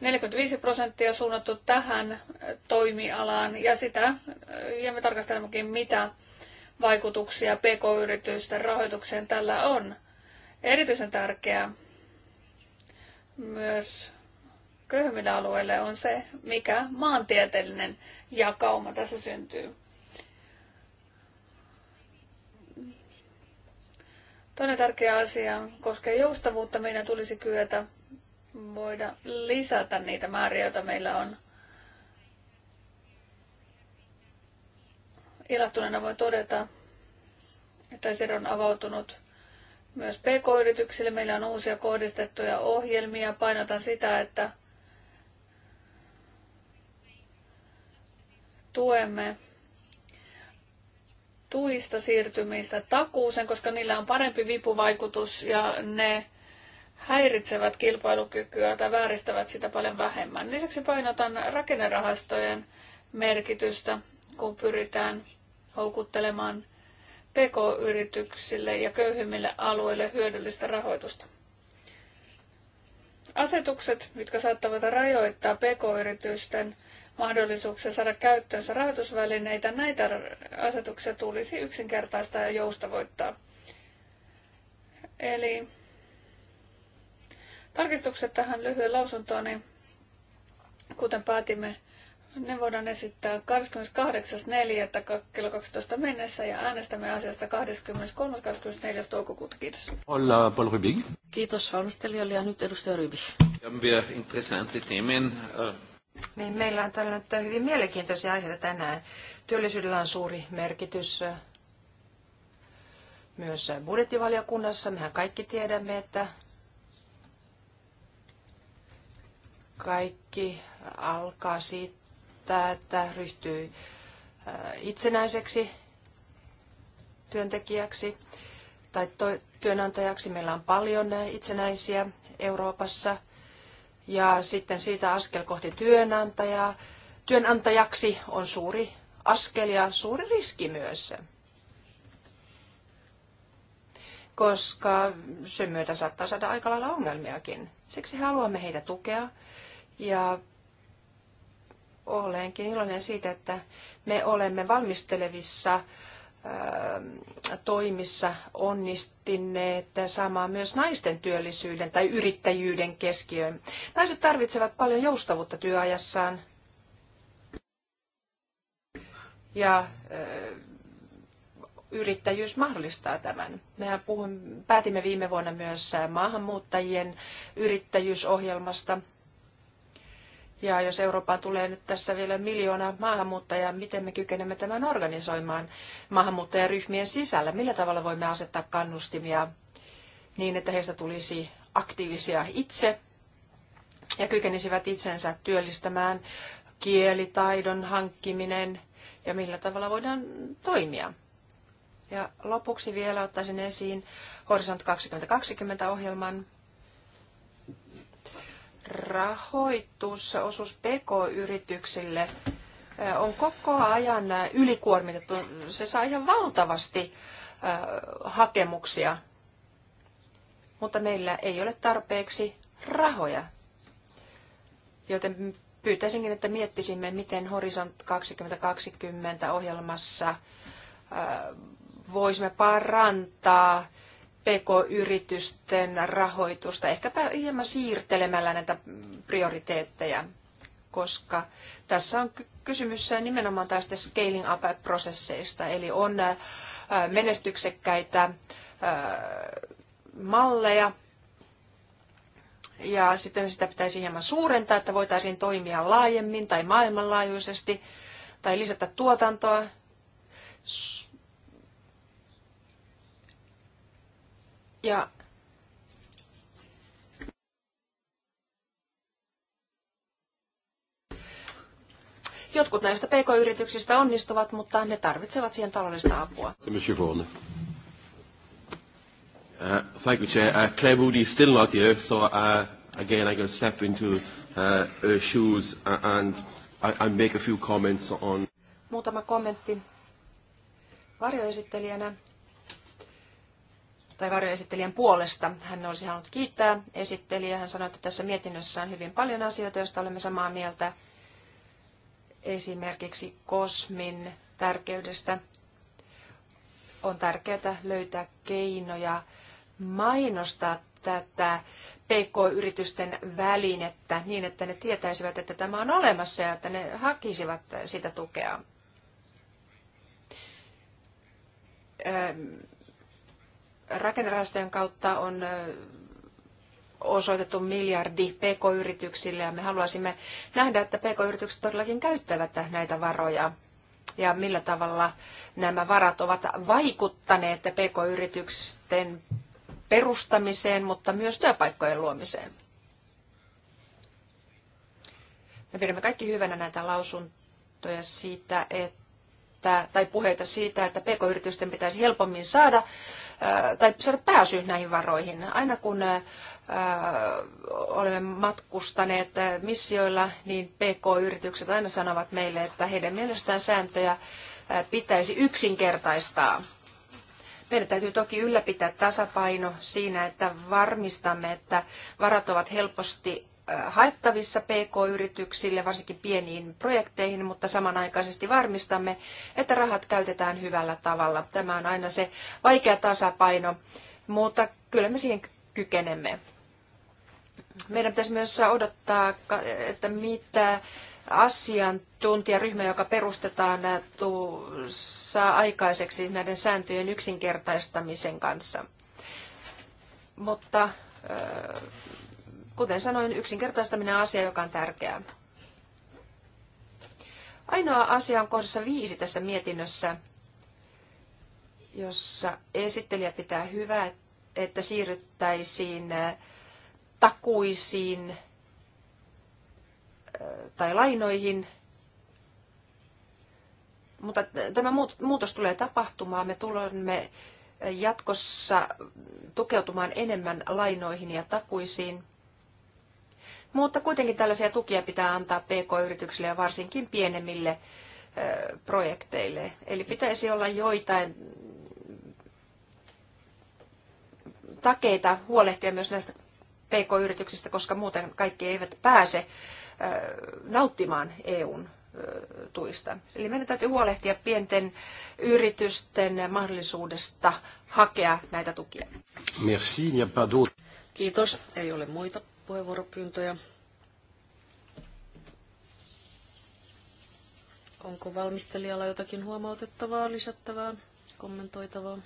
45 prosenttia suunnattu tähän toimialaan ja sitä, ja me tarkastelemmekin mitä vaikutuksia pk-yritysten rahoitukseen tällä on. Erityisen tärkeää myös köyhemmille alueille on se, mikä maantieteellinen jakauma tässä syntyy. Toinen tärkeä asia koskee joustavuutta. Meidän tulisi kyetä voida lisätä niitä määriä, joita meillä on. Ilahtuneena voi todeta, että se on avautunut myös PK-yrityksille. Meillä on uusia kohdistettuja ohjelmia. Painotan sitä, että tuemme tuista siirtymistä takuuseen, koska niillä on parempi vipuvaikutus ja ne häiritsevät kilpailukykyä tai vääristävät sitä paljon vähemmän. Lisäksi painotan rakennerahastojen merkitystä, kun pyritään houkuttelemaan pk-yrityksille ja köyhimmille alueille hyödyllistä rahoitusta. Asetukset, jotka saattavat rajoittaa pk-yritysten mahdollisuuksia saada käyttöönsä rahoitusvälineitä, näitä asetuksia tulisi yksinkertaistaa ja joustavoittaa. Eli Tarkistukset tähän lyhyen lausuntoon, niin kuten päätimme, ne voidaan esittää 28.4. kello 12 mennessä ja äänestämme asiasta 23. 24. toukokuuta. Kiitos. Olla Paul Rubig. Kiitos valmistelijalle ja nyt edustaja Rybig. Eh. Niin, meillä on tällä nyt hyvin mielenkiintoisia aiheita tänään. Työllisyydellä on suuri merkitys eh, myös budjettivaliokunnassa. Mehän kaikki tiedämme, että kaikki alkaa siitä, että ryhtyy itsenäiseksi työntekijäksi tai työnantajaksi. Meillä on paljon itsenäisiä Euroopassa. Ja sitten siitä askel kohti työnantajaa. Työnantajaksi on suuri askel ja suuri riski myös koska sen myötä saattaa saada aika lailla ongelmiakin. Siksi haluamme heitä tukea ja olenkin iloinen siitä, että me olemme valmistelevissa ähm, toimissa onnistineet saamaan myös naisten työllisyyden tai yrittäjyyden keskiöön. Naiset tarvitsevat paljon joustavuutta työajassaan ja äh, yrittäjyys mahdollistaa tämän. Mehän puhun, päätimme viime vuonna myös maahanmuuttajien yrittäjyysohjelmasta. Ja jos Eurooppaan tulee nyt tässä vielä miljoona maahanmuuttajaa, miten me kykenemme tämän organisoimaan maahanmuuttajaryhmien sisällä? Millä tavalla voimme asettaa kannustimia niin, että heistä tulisi aktiivisia itse ja kykenisivät itsensä työllistämään kielitaidon hankkiminen ja millä tavalla voidaan toimia. Ja lopuksi vielä ottaisin esiin Horisont 2020-ohjelman osuus PK-yrityksille on koko ajan ylikuormitettu. Se saa ihan valtavasti hakemuksia, mutta meillä ei ole tarpeeksi rahoja. Joten pyytäisinkin, että miettisimme, miten Horisont 2020 ohjelmassa voisimme parantaa PK-yritysten rahoitusta, ehkäpä hieman siirtelemällä näitä prioriteetteja, koska tässä on kysymys nimenomaan tästä scaling up-prosesseista, eli on äh, menestyksekkäitä äh, malleja, ja sitten sitä pitäisi hieman suurentaa, että voitaisiin toimia laajemmin tai maailmanlaajuisesti tai lisätä tuotantoa Ja Jotkut näistä pk-yrityksistä onnistuvat, mutta ne tarvitsevat siihen taloudellista apua. Uh, thank you, Chair. Uh, Claire Moody is still not here, so uh, again I'm going to step into uh, her shoes uh, and I, I make a few comments on... Muutama kommentti varjoesittelijänä tai varjoesittelijän puolesta. Hän olisi halunnut kiittää esittelijää. Hän sanoi, että tässä mietinnössä on hyvin paljon asioita, joista olemme samaa mieltä. Esimerkiksi kosmin tärkeydestä on tärkeää löytää keinoja mainostaa tätä PK-yritysten välinettä niin, että ne tietäisivät, että tämä on olemassa ja että ne hakisivat sitä tukea öö, rakennerahastojen kautta on osoitettu miljardi pk-yrityksille ja me haluaisimme nähdä, että pk-yritykset todellakin käyttävät näitä varoja ja millä tavalla nämä varat ovat vaikuttaneet pk-yritysten perustamiseen, mutta myös työpaikkojen luomiseen. Me pidämme kaikki hyvänä näitä lausuntoja siitä, että, tai puheita siitä, että pk-yritysten pitäisi helpommin saada Äh, tai saada pääsy näihin varoihin. Aina kun äh, olemme matkustaneet äh, missioilla, niin PK-yritykset aina sanovat meille, että heidän mielestään sääntöjä pitäisi yksinkertaistaa. Meidän täytyy toki ylläpitää tasapaino siinä, että varmistamme, että varat ovat helposti haettavissa PK-yrityksille, varsinkin pieniin projekteihin, mutta samanaikaisesti varmistamme, että rahat käytetään hyvällä tavalla. Tämä on aina se vaikea tasapaino, mutta kyllä me siihen kykenemme. Meidän pitäisi myös odottaa, että mitä asiantuntijaryhmä, joka perustetaan, saa aikaiseksi näiden sääntöjen yksinkertaistamisen kanssa. Mutta Kuten sanoin, yksinkertaistaminen on asia, joka on tärkeää. Ainoa asia on kohdassa viisi tässä mietinnössä, jossa esittelijä pitää hyvää, että siirryttäisiin äh, takuisiin äh, tai lainoihin. Mutta tämä muutos tulee tapahtumaan. Me tulemme jatkossa tukeutumaan enemmän lainoihin ja takuisiin – mutta kuitenkin tällaisia tukia pitää antaa pk-yrityksille ja varsinkin pienemmille projekteille. Eli pitäisi olla joitain takeita huolehtia myös näistä pk-yrityksistä, koska muuten kaikki eivät pääse nauttimaan EUn tuista. Eli meidän täytyy huolehtia pienten yritysten mahdollisuudesta hakea näitä tukia. Merci, Kiitos. Ei ole muita puheenvuoropyyntöjä. Onko valmistelijalla jotakin huomautettavaa, lisättävää, kommentoitavaa?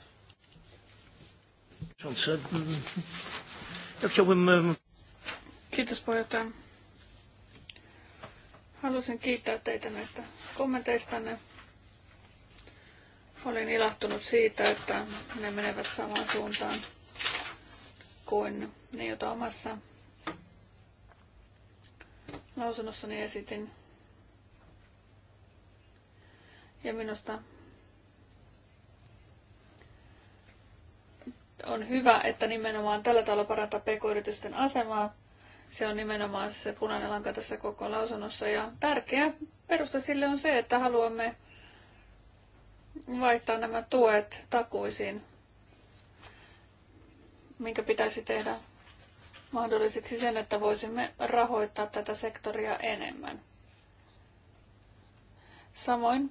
Kiitos puheenjohtaja. Haluaisin kiittää teitä näistä kommenteistanne. Olin ilahtunut siitä, että ne menevät samaan suuntaan kuin ne, joita omassa lausunnossani esitin. Ja minusta on hyvä, että nimenomaan tällä tavalla parantaa pk-yritysten asemaa. Se on nimenomaan se punainen lanka tässä koko lausunnossa. Ja tärkeä perusta sille on se, että haluamme vaihtaa nämä tuet takuisiin, minkä pitäisi tehdä mahdolliseksi sen, että voisimme rahoittaa tätä sektoria enemmän. Samoin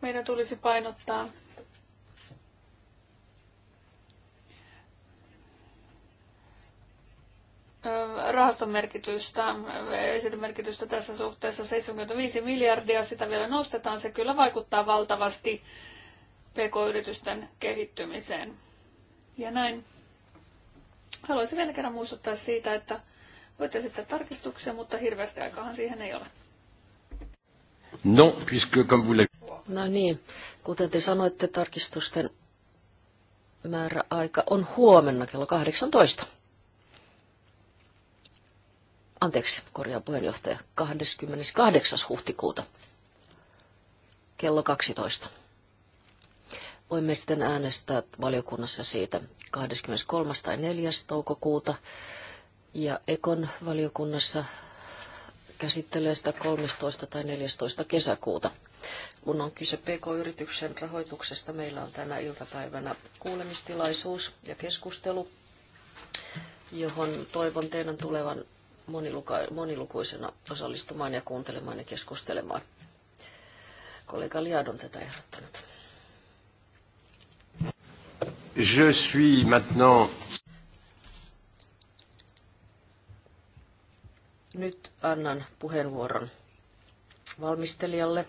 meidän tulisi painottaa rahaston merkitystä, esityn merkitystä tässä suhteessa 75 miljardia, sitä vielä nostetaan, se kyllä vaikuttaa valtavasti pk-yritysten kehittymiseen. Ja näin Haluaisin vielä kerran muistuttaa siitä, että voitte esittää tarkistuksia, mutta hirveästi aikaahan siihen ei ole. No, puisque comme vous No niin, kuten te sanoitte, tarkistusten määräaika on huomenna kello 18. Anteeksi, korjaan puheenjohtaja, 28. huhtikuuta kello 12 voimme sitten äänestää valiokunnassa siitä 23. tai 4. toukokuuta ja Ekon valiokunnassa käsittelee sitä 13. tai 14. kesäkuuta. Kun on kyse PK-yrityksen rahoituksesta, meillä on tänä iltapäivänä kuulemistilaisuus ja keskustelu, johon toivon teidän tulevan moniluka- monilukuisena osallistumaan ja kuuntelemaan ja keskustelemaan. Kollega Liadon tätä ehdottanut. Je suis maintenant... Nyt annan puheenvuoron valmistelijalle,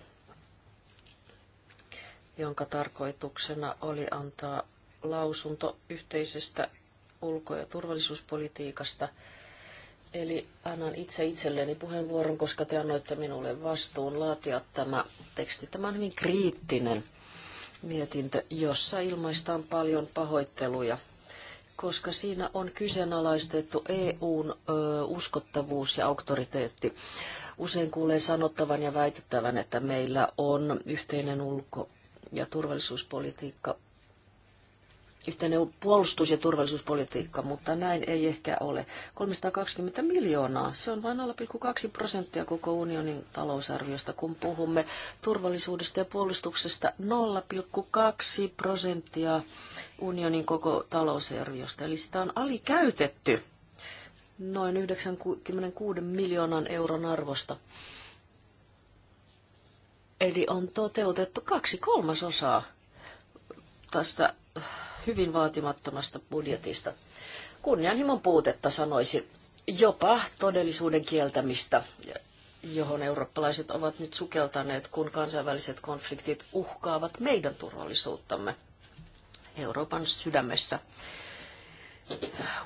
jonka tarkoituksena oli antaa lausunto yhteisestä ulko- ja turvallisuuspolitiikasta. Eli annan itse itselleni puheenvuoron, koska te annoitte minulle vastuun laatia tämä teksti. Tämä on hyvin kriittinen mietintö, jossa ilmaistaan paljon pahoitteluja, koska siinä on kyseenalaistettu EUn ö, uskottavuus ja auktoriteetti. Usein kuulee sanottavan ja väitettävän, että meillä on yhteinen ulko- ja turvallisuuspolitiikka yhteinen puolustus- ja turvallisuuspolitiikka, mutta näin ei ehkä ole. 320 miljoonaa, se on vain 0,2 prosenttia koko unionin talousarviosta, kun puhumme turvallisuudesta ja puolustuksesta 0,2 prosenttia unionin koko talousarviosta. Eli sitä on alikäytetty noin 96 miljoonan euron arvosta. Eli on toteutettu kaksi kolmasosaa tästä hyvin vaatimattomasta budjetista. Kunnianhimon puutetta sanoisi jopa todellisuuden kieltämistä, johon eurooppalaiset ovat nyt sukeltaneet, kun kansainväliset konfliktit uhkaavat meidän turvallisuuttamme Euroopan sydämessä.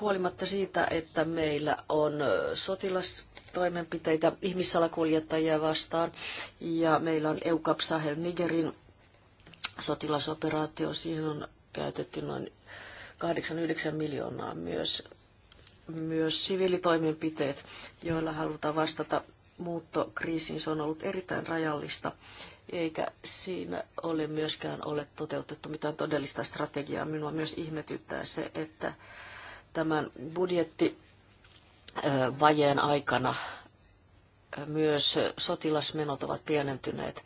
Huolimatta siitä, että meillä on sotilas, toimenpiteitä ihmissalakuljettajia vastaan. Ja meillä on EUCAP Sahel Nigerin sotilasoperaatio. Siihen on käytetty noin 8-9 miljoonaa myös, myös siviilitoimenpiteet, joilla halutaan vastata muuttokriisiin. Se on ollut erittäin rajallista, eikä siinä ole myöskään ole toteutettu mitään todellista strategiaa. Minua myös ihmetyttää se, että tämän budjetti aikana myös sotilasmenot ovat pienentyneet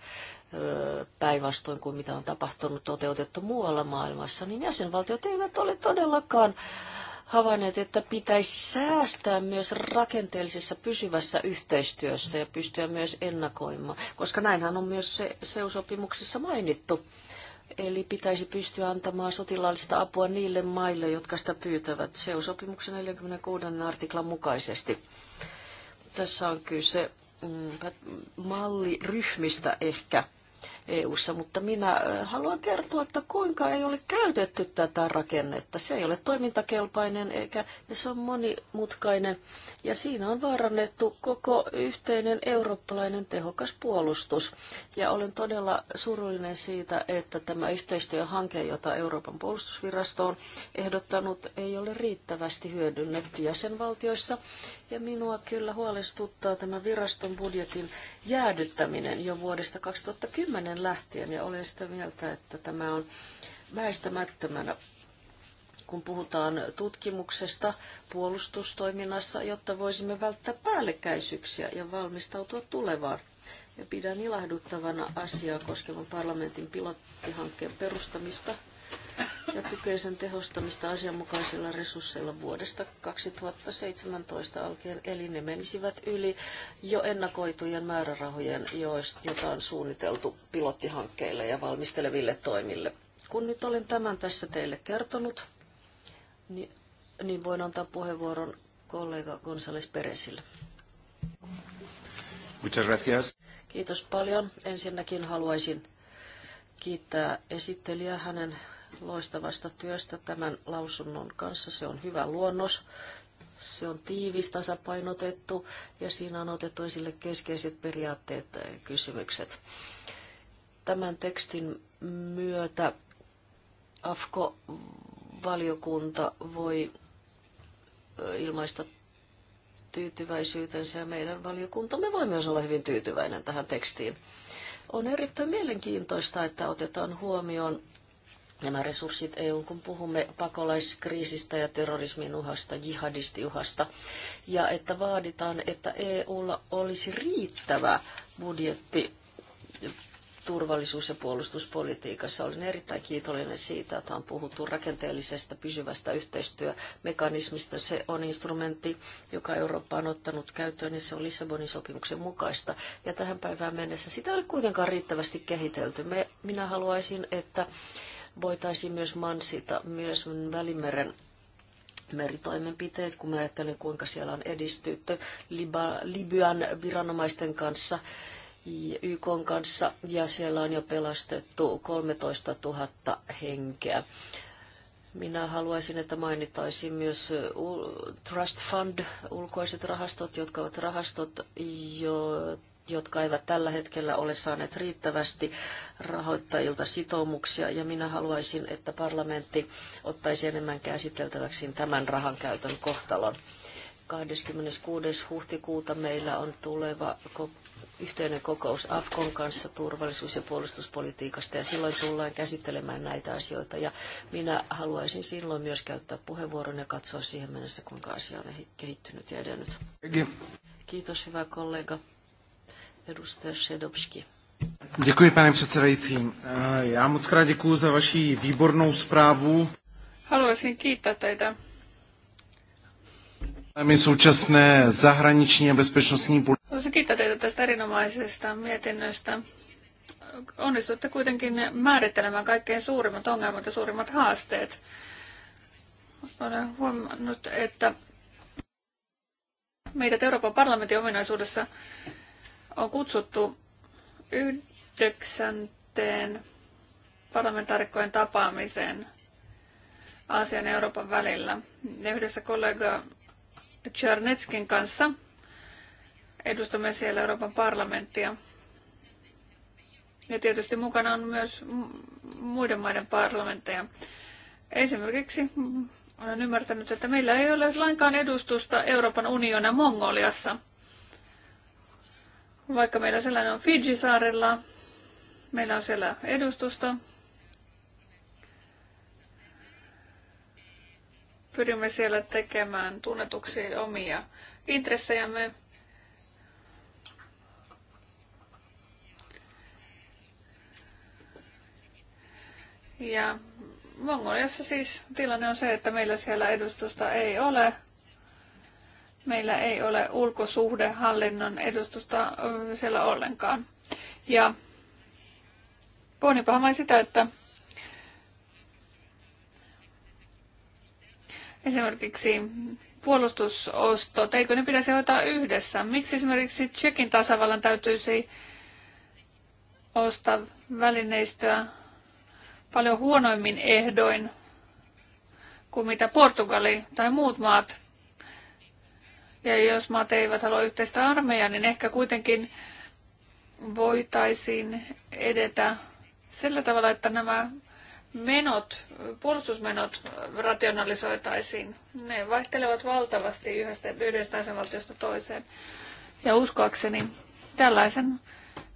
päinvastoin kuin mitä on tapahtunut toteutettu muualla maailmassa, niin jäsenvaltiot eivät ole todellakaan havainneet, että pitäisi säästää myös rakenteellisessa pysyvässä yhteistyössä ja pystyä myös ennakoimaan, koska näinhän on myös se seusopimuksessa mainittu. Eli pitäisi pystyä antamaan sotilaallista apua niille maille, jotka sitä pyytävät seusopimuksen 46 artiklan mukaisesti. Tässä on kyse mm, malliryhmistä ehkä EU-ssa, mutta minä äh, haluan kertoa, että kuinka ei ole käytetty tätä rakennetta. Se ei ole toimintakelpainen eikä se on monimutkainen ja siinä on vaarannettu koko yhteinen eurooppalainen tehokas puolustus. Ja olen todella surullinen siitä, että tämä yhteistyöhanke, jota Euroopan puolustusvirasto on ehdottanut, ei ole riittävästi hyödynnetty jäsenvaltioissa ja minua kyllä huolestuttaa tämä viraston budjetin jäädyttäminen jo vuodesta 2010 lähtien, ja olen sitä mieltä, että tämä on väistämättömänä kun puhutaan tutkimuksesta puolustustoiminnassa, jotta voisimme välttää päällekkäisyyksiä ja valmistautua tulevaan. Ja pidän ilahduttavana asiaa koskevan parlamentin pilottihankkeen perustamista ja tukee sen tehostamista asianmukaisilla resursseilla vuodesta 2017 alkeen. eli ne menisivät yli jo ennakoitujen määrärahojen, joita on suunniteltu pilottihankkeille ja valmisteleville toimille. Kun nyt olen tämän tässä teille kertonut, niin, niin voin antaa puheenvuoron kollega Gonzales Peresille. Muchas gracias. Kiitos paljon. Ensinnäkin haluaisin kiittää esittelijää hänen loistavasta työstä tämän lausunnon kanssa. Se on hyvä luonnos. Se on tiivis, tasapainotettu ja siinä on otettu esille keskeiset periaatteet ja eh, kysymykset. Tämän tekstin myötä AFKO-valiokunta voi eh, ilmaista tyytyväisyytensä ja meidän valiokuntamme voi myös olla hyvin tyytyväinen tähän tekstiin. On erittäin mielenkiintoista, että otetaan huomioon nämä resurssit EUn, kun puhumme pakolaiskriisistä ja terrorismin uhasta, jihadistiuhasta, ja että vaaditaan, että EUlla olisi riittävä budjetti turvallisuus- ja puolustuspolitiikassa. Olen erittäin kiitollinen siitä, että on puhuttu rakenteellisesta pysyvästä yhteistyömekanismista. Se on instrumentti, joka Eurooppa on ottanut käyttöön, ja se on Lissabonin sopimuksen mukaista. Ja tähän päivään mennessä sitä ei ole kuitenkaan riittävästi kehitelty. Me, minä haluaisin, että voitaisiin myös mansita myös Välimeren meritoimenpiteet, kun mä ajattelen, kuinka siellä on edistytty Liba, Libyan viranomaisten kanssa, YK kanssa, ja siellä on jo pelastettu 13 000 henkeä. Minä haluaisin, että mainitaisin myös Trust Fund, ulkoiset rahastot, jotka ovat rahastot, jo jotka eivät tällä hetkellä ole saaneet riittävästi rahoittajilta sitoumuksia, ja minä haluaisin, että parlamentti ottaisi enemmän käsiteltäväksi tämän rahankäytön kohtalon. 26. huhtikuuta meillä on tuleva yhteinen kokous Afkon kanssa turvallisuus- ja puolustuspolitiikasta ja silloin tullaan käsittelemään näitä asioita ja minä haluaisin silloin myös käyttää puheenvuoron ja katsoa siihen mennessä, kuinka asia on kehittynyt ja edennyt. Kiitos hyvä kollega edustaja Shedovski. Děkuji, pane předsedající. Eh, já moc krát děkuji za vaši výbornou zprávu. Haluaisin kiittää teitä. Tämä současné zahraniční ja bezpečnostní Haluaisin kiittää teitä tästä erinomaisesta mietinnöstä. Onnistutte kuitenkin määrittelemään kaikkein suurimmat ongelmat ja suurimmat haasteet. Olen huomannut, että meidät Euroopan parlamentin ominaisuudessa on kutsuttu yhdeksänteen parlamentaarikkojen tapaamiseen Aasian ja Euroopan välillä. Ja yhdessä kollega Czernetskin kanssa edustamme siellä Euroopan parlamenttia. Ja tietysti mukana on myös muiden maiden parlamentteja. Esimerkiksi olen ymmärtänyt, että meillä ei ole lainkaan edustusta Euroopan unionia Mongoliassa – vaikka meillä sellainen on Fiji-saarella, meillä on siellä edustusta. Pyrimme siellä tekemään tunnetuksi omia intressejämme. Ja Mongoliassa siis tilanne on se, että meillä siellä edustusta ei ole. Meillä ei ole ulkosuhdehallinnon edustusta siellä ollenkaan. Ja pohdinpahan vain sitä, että esimerkiksi puolustusostot, eikö ne pitäisi hoitaa yhdessä? Miksi esimerkiksi Tsekin tasavallan täytyisi ostaa välineistöä paljon huonoimmin ehdoin kuin mitä Portugali tai muut maat ja jos maat eivät halua yhteistä armeijaa, niin ehkä kuitenkin voitaisiin edetä sillä tavalla, että nämä menot, puolustusmenot rationalisoitaisiin. Ne vaihtelevat valtavasti yhdestä, yhdestä jäsenvaltiosta toiseen. Ja uskoakseni tällaisen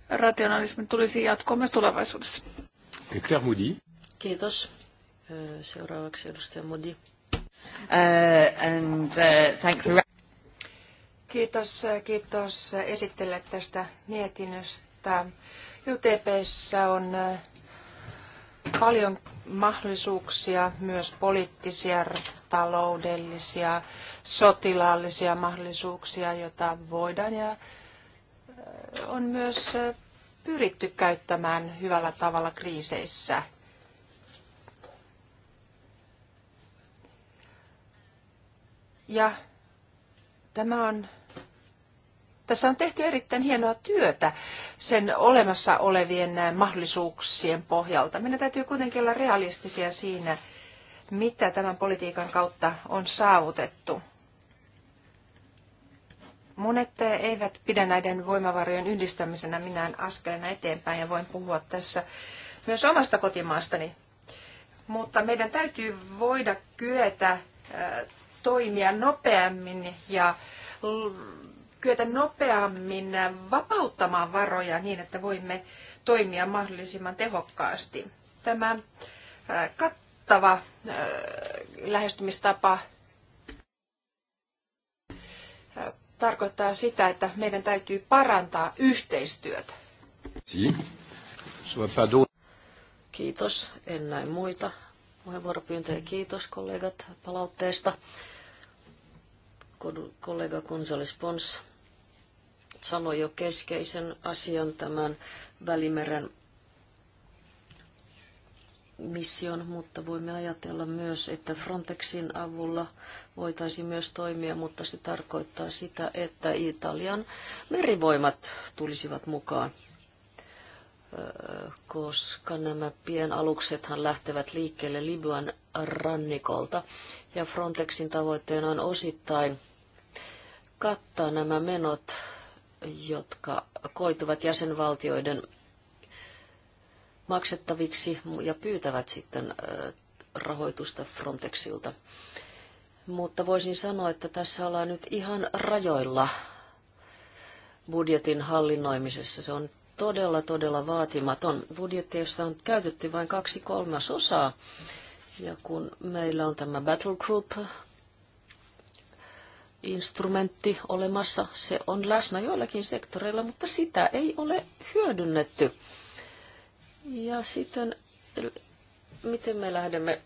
rationalismin tulisi jatkoa myös tulevaisuudessa. Claire Moody. Kiitos. Seuraavaksi edustaja Moody. Uh, and, uh, Kiitos, kiitos esittelijä tästä mietinnöstä. UTPssä on äh, paljon mahdollisuuksia, myös poliittisia, taloudellisia, sotilaallisia mahdollisuuksia, joita voidaan ja äh, on myös äh, pyritty käyttämään hyvällä tavalla kriiseissä. Ja tämä on tässä on tehty erittäin hienoa työtä sen olemassa olevien mahdollisuuksien pohjalta. Meidän täytyy kuitenkin olla realistisia siinä, mitä tämän politiikan kautta on saavutettu. Monet eivät pidä näiden voimavarojen yhdistämisenä minään askeleena eteenpäin ja voin puhua tässä myös omasta kotimaastani. Mutta meidän täytyy voida kyetä toimia nopeammin ja kyetä nopeammin vapauttamaan varoja niin, että voimme toimia mahdollisimman tehokkaasti. Tämä äh, kattava äh, lähestymistapa äh, tarkoittaa sitä, että meidän täytyy parantaa yhteistyötä. Kiitos. En näe muita puheenvuoropyyntöjä. Kiitos kollegat palautteesta. Kollega Gonzales Pons sanoi jo keskeisen asian tämän Välimeren mission, mutta voimme ajatella myös, että Frontexin avulla voitaisiin myös toimia, mutta se tarkoittaa sitä, että Italian merivoimat tulisivat mukaan, koska nämä pienaluksethan lähtevät liikkeelle Libyan rannikolta ja Frontexin tavoitteena on osittain kattaa nämä menot jotka koituvat jäsenvaltioiden maksettaviksi ja pyytävät sitten rahoitusta Frontexilta. Mutta voisin sanoa, että tässä ollaan nyt ihan rajoilla budjetin hallinnoimisessa. Se on todella, todella vaatimaton budjetti, josta on käytetty vain kaksi kolmasosaa. Ja kun meillä on tämä Battle Group instrumentti olemassa. Se on läsnä joillakin sektoreilla, mutta sitä ei ole hyödynnetty. Ja sitten, miten me lähdemme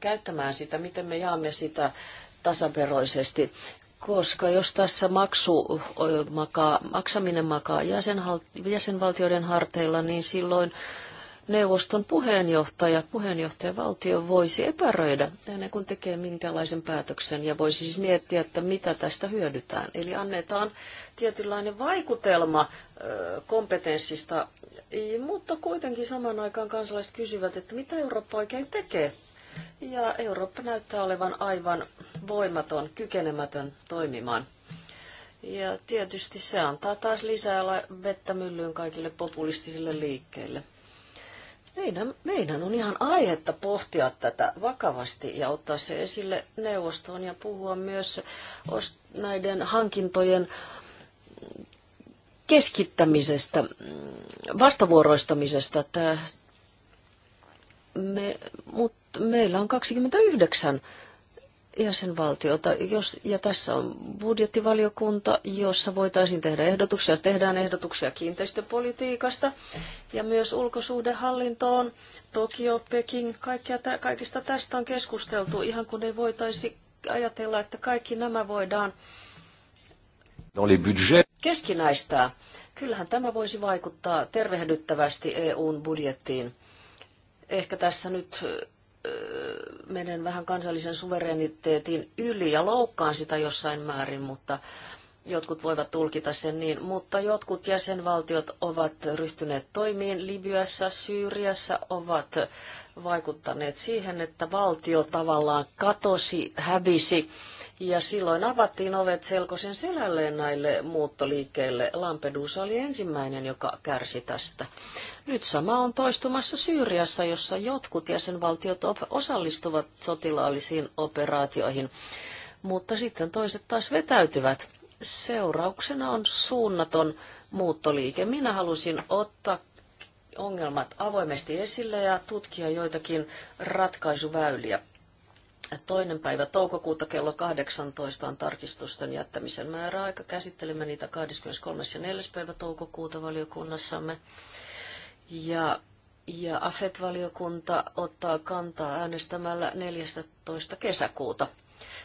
käyttämään sitä, miten me jaamme sitä tasaveroisesti. Koska jos tässä maksu, makaa, maksaminen makaa jäsenval, jäsenvaltioiden harteilla, niin silloin neuvoston puheenjohtaja, puheenjohtajavaltio voisi epäröidä ennen kuin tekee minkälaisen päätöksen ja voisi siis miettiä, että mitä tästä hyödytään. Eli annetaan tietynlainen vaikutelma kompetenssista, mutta kuitenkin samaan aikaan kansalaiset kysyvät, että mitä Eurooppa oikein tekee. Ja Eurooppa näyttää olevan aivan voimaton, kykenemätön toimimaan. Ja tietysti se antaa taas lisää vettä myllyyn kaikille populistisille liikkeille. Meidän, meidän on ihan aihetta pohtia tätä vakavasti ja ottaa se esille neuvostoon ja puhua myös näiden hankintojen keskittämisestä, mm, vastavuoroistamisesta. Tämä, me, mut meillä on 29 jäsenvaltiota. Jos, ja tässä on budjettivaliokunta, jossa voitaisiin tehdä ehdotuksia. Tehdään ehdotuksia kiinteistöpolitiikasta ja myös ulkosuhdehallintoon. Tokio, Peking, kaikkia, kaikista tästä on keskusteltu, ihan kun ei voitaisi ajatella, että kaikki nämä voidaan keskinäistää. Kyllähän tämä voisi vaikuttaa tervehdyttävästi EUn budjettiin. Ehkä tässä nyt menen vähän kansallisen suvereniteetin yli ja loukkaan sitä jossain määrin, mutta jotkut voivat tulkita sen niin. Mutta jotkut jäsenvaltiot ovat ryhtyneet toimiin Libyassa, Syyriassa, ovat vaikuttaneet siihen, että valtio tavallaan katosi, hävisi ja silloin avattiin ovet selkosen selälleen näille muuttoliikkeille. Lampedusa oli ensimmäinen, joka kärsi tästä. Nyt sama on toistumassa Syyriassa, jossa jotkut jäsenvaltiot osallistuvat sotilaallisiin operaatioihin, mutta sitten toiset taas vetäytyvät. Seurauksena on suunnaton muuttoliike. Minä halusin ottaa ongelmat avoimesti esille ja tutkia joitakin ratkaisuväyliä Toinen päivä toukokuuta kello 18 on tarkistusten jättämisen määräaika. Käsittelemme niitä 23. ja 4. päivä toukokuuta valiokunnassamme. Ja, ja AFET-valiokunta ottaa kantaa äänestämällä 14. kesäkuuta.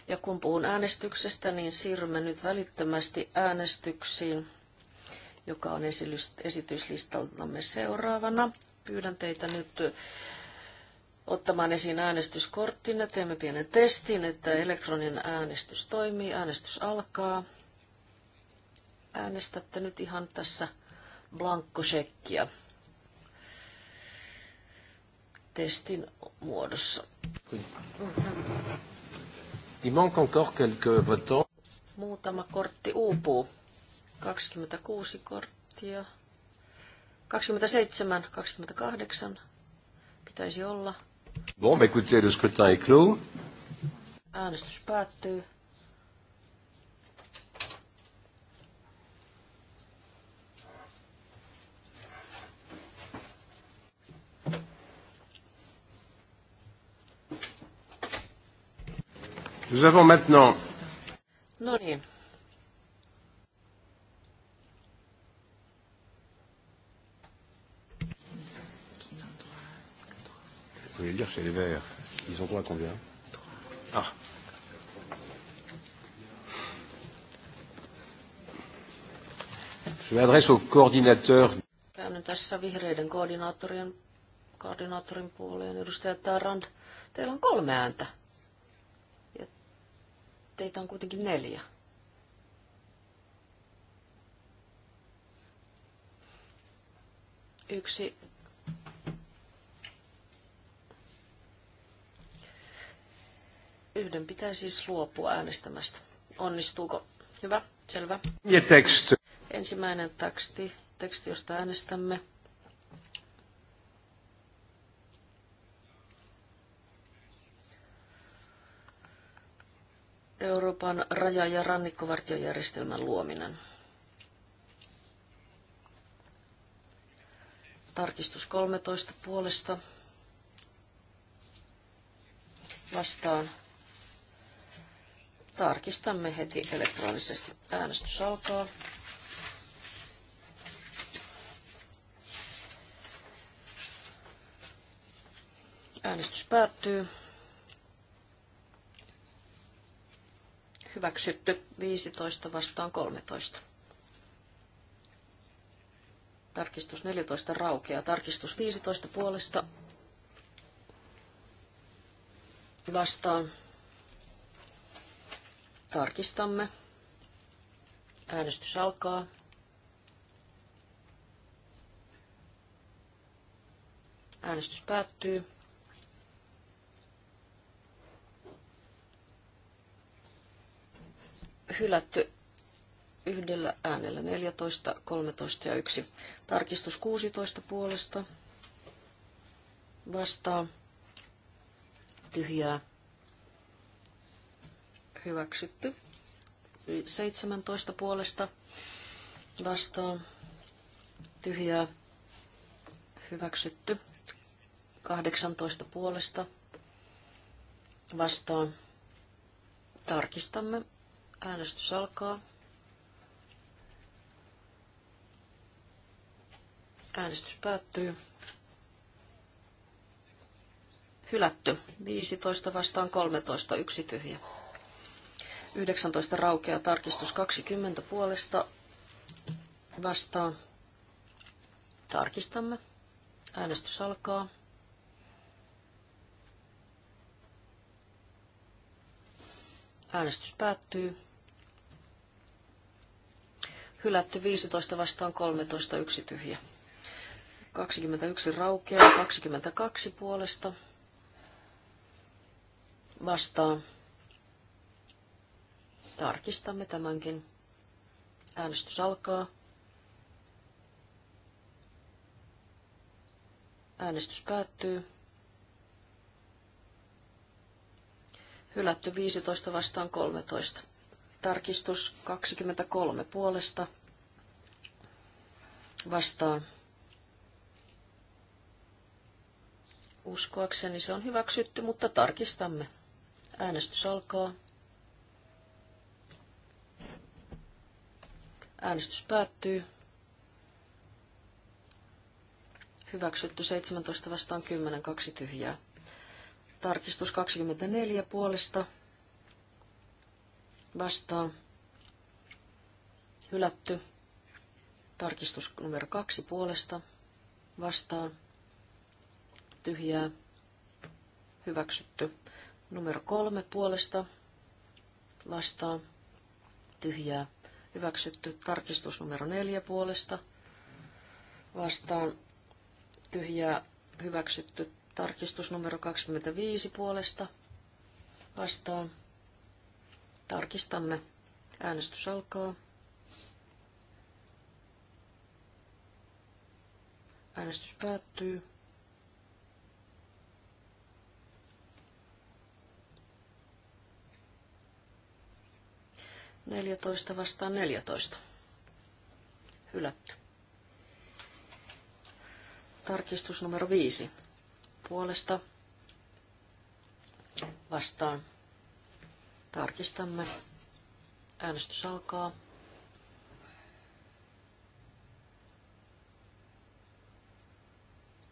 Ja kun puhun äänestyksestä, niin siirrymme nyt välittömästi äänestyksiin, joka on esityslistallamme seuraavana. Pyydän teitä nyt ottamaan esiin ja Teemme pienen testin, että elektroninen äänestys toimii. Äänestys alkaa. Äänestätte nyt ihan tässä blankkosekkiä testin muodossa. Il manque encore quelques votants. Muutama kortti uupuu. 26 korttia. 27, 28 pitäisi olla. Bon, bah écoutez, le scrutin est clos. Un, pas, deux. Nous avons maintenant... Non, niin. rien. Vous voulez dire chez les Verts. Ils ont droit à combien Ah. Je m'adresse au coordinateur. Käännyn tässä vihreiden koordinaattorien, koordinaattorin puoleen. Edustaja Tarand, teillä on kolme ääntä. Ja teitä on kuitenkin neljä. Yksi yhden pitää siis luopua äänestämästä. Onnistuuko? Hyvä, selvä. Ja teksti. Ensimmäinen teksti, teksti josta äänestämme. Euroopan raja- ja rannikkovartiojärjestelmän luominen. Tarkistus 13 puolesta vastaan Tarkistamme heti elektronisesti. Äänestys alkaa. Äänestys päättyy. Hyväksytty 15 vastaan 13. Tarkistus 14 raukeaa. Tarkistus 15 puolesta vastaan Tarkistamme. Äänestys alkaa. Äänestys päättyy. Hylätty yhdellä äänellä 14, 13 ja 1. Tarkistus 16 puolesta. Vastaa. Tyhjää hyväksytty. 17 puolesta vastaan tyhjää hyväksytty. 18 puolesta vastaan tarkistamme. Äänestys alkaa. Äänestys päättyy. Hylätty. 15 vastaan 13, yksi tyhjä. 19 raukeaa tarkistus 20 puolesta vastaan. Tarkistamme. Äänestys alkaa. Äänestys päättyy. Hylätty 15 vastaan 13, yksi tyhjä. 21 raukeaa, 22 puolesta vastaan Tarkistamme tämänkin. Äänestys alkaa. Äänestys päättyy. Hylätty 15 vastaan 13. Tarkistus 23 puolesta vastaan. Uskoakseni se on hyväksytty, mutta tarkistamme. Äänestys alkaa. Äänestys päättyy. Hyväksytty 17 vastaan 10, kaksi tyhjää. Tarkistus 24 puolesta vastaan. Hylätty. Tarkistus numero 2 puolesta vastaan. Tyhjää. Hyväksytty. Numero 3 puolesta vastaan. Tyhjää Hyväksytty tarkistus numero neljä puolesta. Vastaan tyhjää hyväksytty tarkistus numero 25 puolesta. Vastaan. Tarkistamme. Äänestys alkaa. Äänestys päättyy. 14 vastaan 14. Hylätty. Tarkistus numero 5. Puolesta vastaan. Tarkistamme. Äänestys alkaa.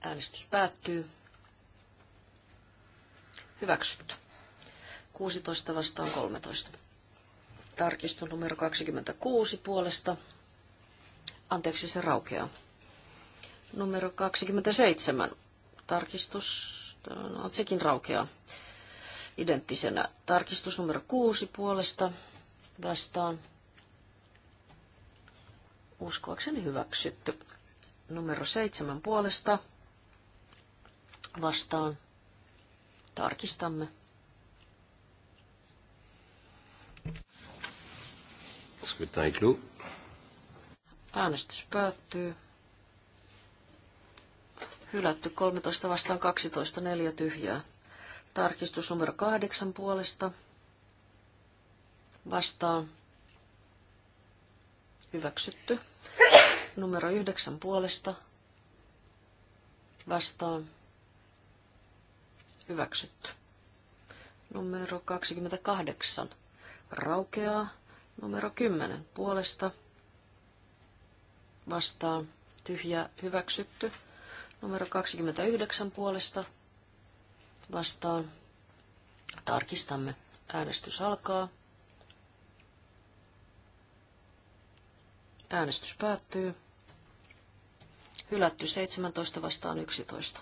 Äänestys päättyy. Hyväksytty. 16 vastaan 13. Tarkistus numero 26 puolesta. Anteeksi, se raukeaa. Numero 27. Tarkistus, no, sekin raukeaa identtisenä. Tarkistus numero 6 puolesta vastaan. Uskoakseni hyväksytty. Numero 7 puolesta vastaan. Tarkistamme. Scrutin est clos. Äänestys päättyy. Hylätty 13 vastaan 12, 4 tyhjää. Tarkistus numero 8 puolesta. Vastaan. Hyväksytty. Numero 9 puolesta. Vastaan. Hyväksytty. Numero 28. Raukeaa. Numero 10 puolesta vastaan tyhjä hyväksytty. Numero 29 puolesta vastaan. Tarkistamme. Äänestys alkaa. Äänestys päättyy. Hylätty 17 vastaan 11.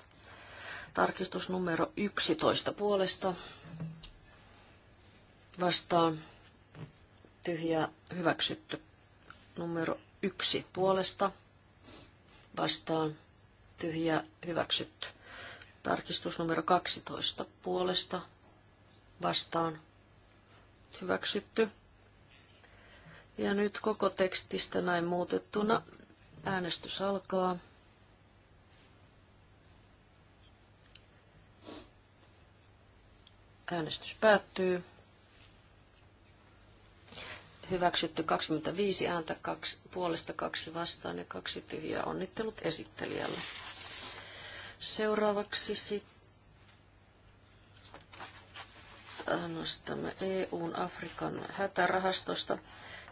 Tarkistus numero 11 puolesta vastaan tyhjää hyväksytty. Numero yksi puolesta vastaan tyhjää hyväksytty. Tarkistus numero 12 puolesta vastaan hyväksytty. Ja nyt koko tekstistä näin muutettuna äänestys alkaa. Äänestys päättyy hyväksytty 25 ääntä, kaksi, puolesta kaksi vastaan ja kaksi tyhjää. Onnittelut esittelijälle. Seuraavaksi sitten nostamme EUn Afrikan hätärahastosta.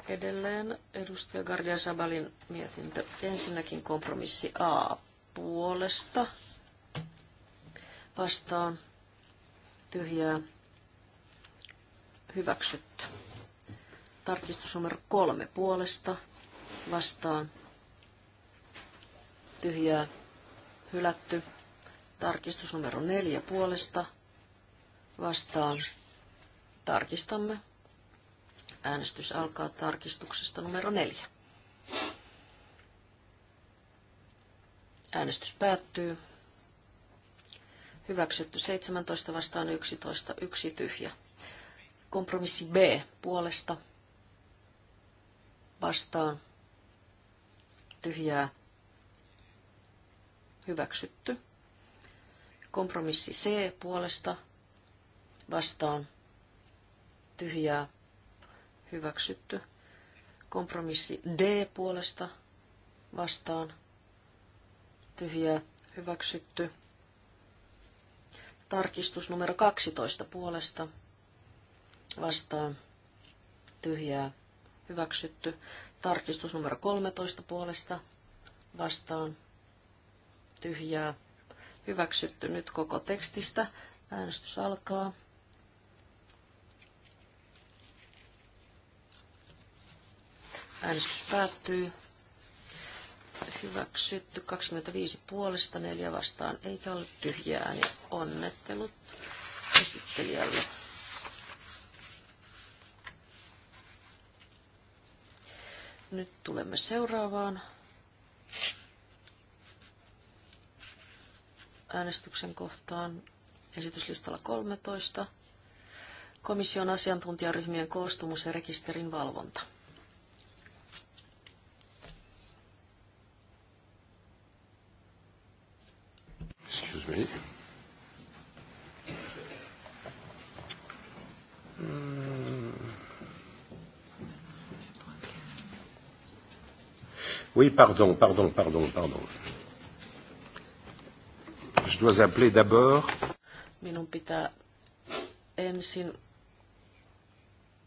Edelleen edustaja Gardia Sabalin mietintö. Ensinnäkin kompromissi A puolesta vastaan tyhjää hyväksytty. Tarkistus numero kolme puolesta vastaan. Tyhjää hylätty. Tarkistus numero neljä puolesta vastaan. Tarkistamme. Äänestys alkaa tarkistuksesta numero neljä. Äänestys päättyy. Hyväksytty 17 vastaan 11, yksi tyhjä. Kompromissi B puolesta vastaan tyhjää hyväksytty. Kompromissi C puolesta vastaan tyhjää hyväksytty. Kompromissi D puolesta vastaan tyhjää hyväksytty. Tarkistus numero 12 puolesta vastaan tyhjää hyväksytty. Tarkistus numero 13 puolesta vastaan tyhjää hyväksytty. Nyt koko tekstistä äänestys alkaa. Äänestys päättyy. Hyväksytty 25 puolesta, 4 vastaan, eikä ole tyhjää, niin onnettelut esittelijälle. Nyt tulemme seuraavaan äänestyksen kohtaan esityslistalla 13. Komission asiantuntijaryhmien koostumus ja rekisterin valvonta. Excuse me. Mm. Oui, pardon, pardon, pardon, pardon. Je dois appeler d'abord. Minun pitää ensin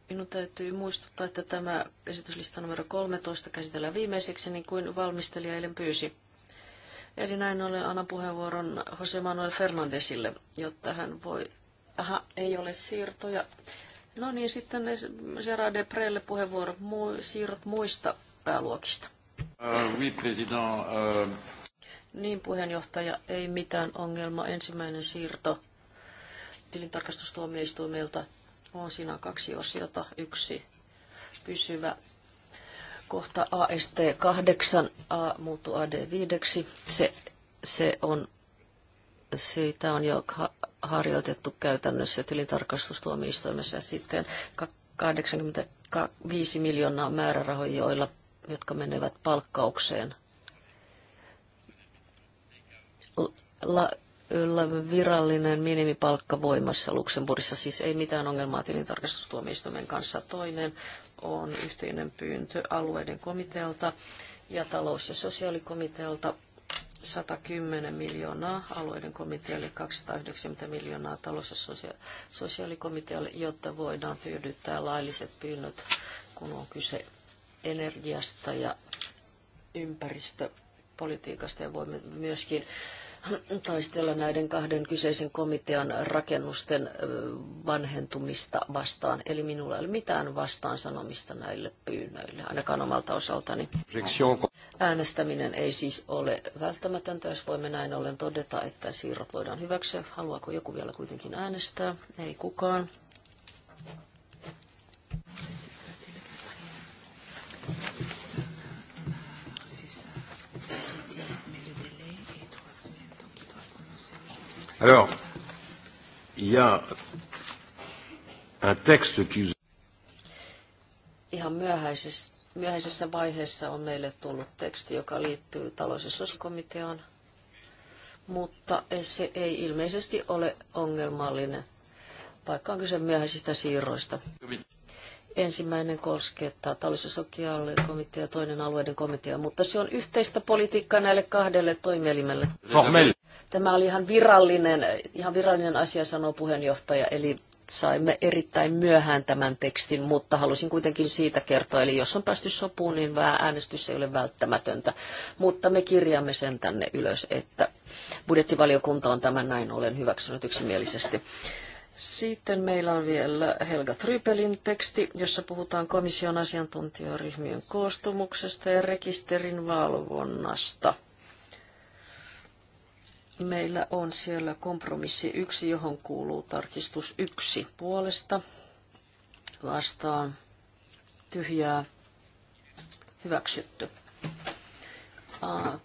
minun täytyy muistuttaa, että tämä esityslista numero 13 käsitellään viimeiseksi, niin kuin valmistelija eilen pyysi. Eli näin ollen annan puheenvuoron Jose Manuel Fernandesille, jotta hän voi... Aha, ei ole siirtoja. No niin, sitten Gerard Deprelle puheenvuoro. mu- siirrot muista pääluokista. Uh, oui, euh. Niin, puheenjohtaja, ei mitään ongelma. Ensimmäinen siirto tilintarkastustuomioistuimelta on siinä kaksi osiota. Yksi pysyvä kohta AST 8 A muuttuu AD5. Se, se on, siitä on jo harjoitettu käytännössä tilintarkastustuomioistuimessa. Sitten 85 miljoonaa määrärahoja, joilla jotka menevät palkkaukseen. La, la, virallinen minimipalkka voimassa Luxemburgissa, siis ei mitään ongelmaa tilintarkastustuomioistuimen kanssa. Toinen on yhteinen pyyntö alueiden komitealta ja talous- ja sosiaalikomitealta 110 miljoonaa alueiden komitealle, 290 miljoonaa talous- ja sosiaalikomitealle, jotta voidaan tyydyttää lailliset pyynnöt, kun on kyse energiasta ja ympäristöpolitiikasta ja voimme myöskin taistella näiden kahden kyseisen komitean rakennusten vanhentumista vastaan. Eli minulla ei ole mitään vastaan sanomista näille pyynnöille, ainakaan omalta osaltani. Äänestäminen ei siis ole välttämätöntä, jos voimme näin ollen todeta, että siirrot voidaan hyväksyä. Haluaako joku vielä kuitenkin äänestää? Ei kukaan. Alors, il y a un texte qui... Ihan myöhäisessä, myöhäisessä vaiheessa on meille tullut teksti, joka liittyy talous- ja sosiaalikomiteaan, mutta se ei ilmeisesti ole ongelmallinen, vaikka on kyse myöhäisistä siirroista. Ensimmäinen koskee talous- ja sosiaalikomitea ja toinen alueiden komitea, mutta se on yhteistä politiikkaa näille kahdelle toimielimelle. Oh, Tämä oli ihan virallinen, ihan virallinen asia, sanoo puheenjohtaja, eli saimme erittäin myöhään tämän tekstin, mutta halusin kuitenkin siitä kertoa. Eli jos on päästy sopuun, niin äänestys ei ole välttämätöntä. Mutta me kirjaamme sen tänne ylös, että budjettivaliokunta on tämän näin ollen hyväksynyt yksimielisesti. Sitten meillä on vielä Helga Trypelin teksti, jossa puhutaan komission asiantuntijaryhmien koostumuksesta ja rekisterin valvonnasta. Meillä on siellä kompromissi yksi, johon kuuluu tarkistus yksi puolesta. Vastaan tyhjää hyväksytty.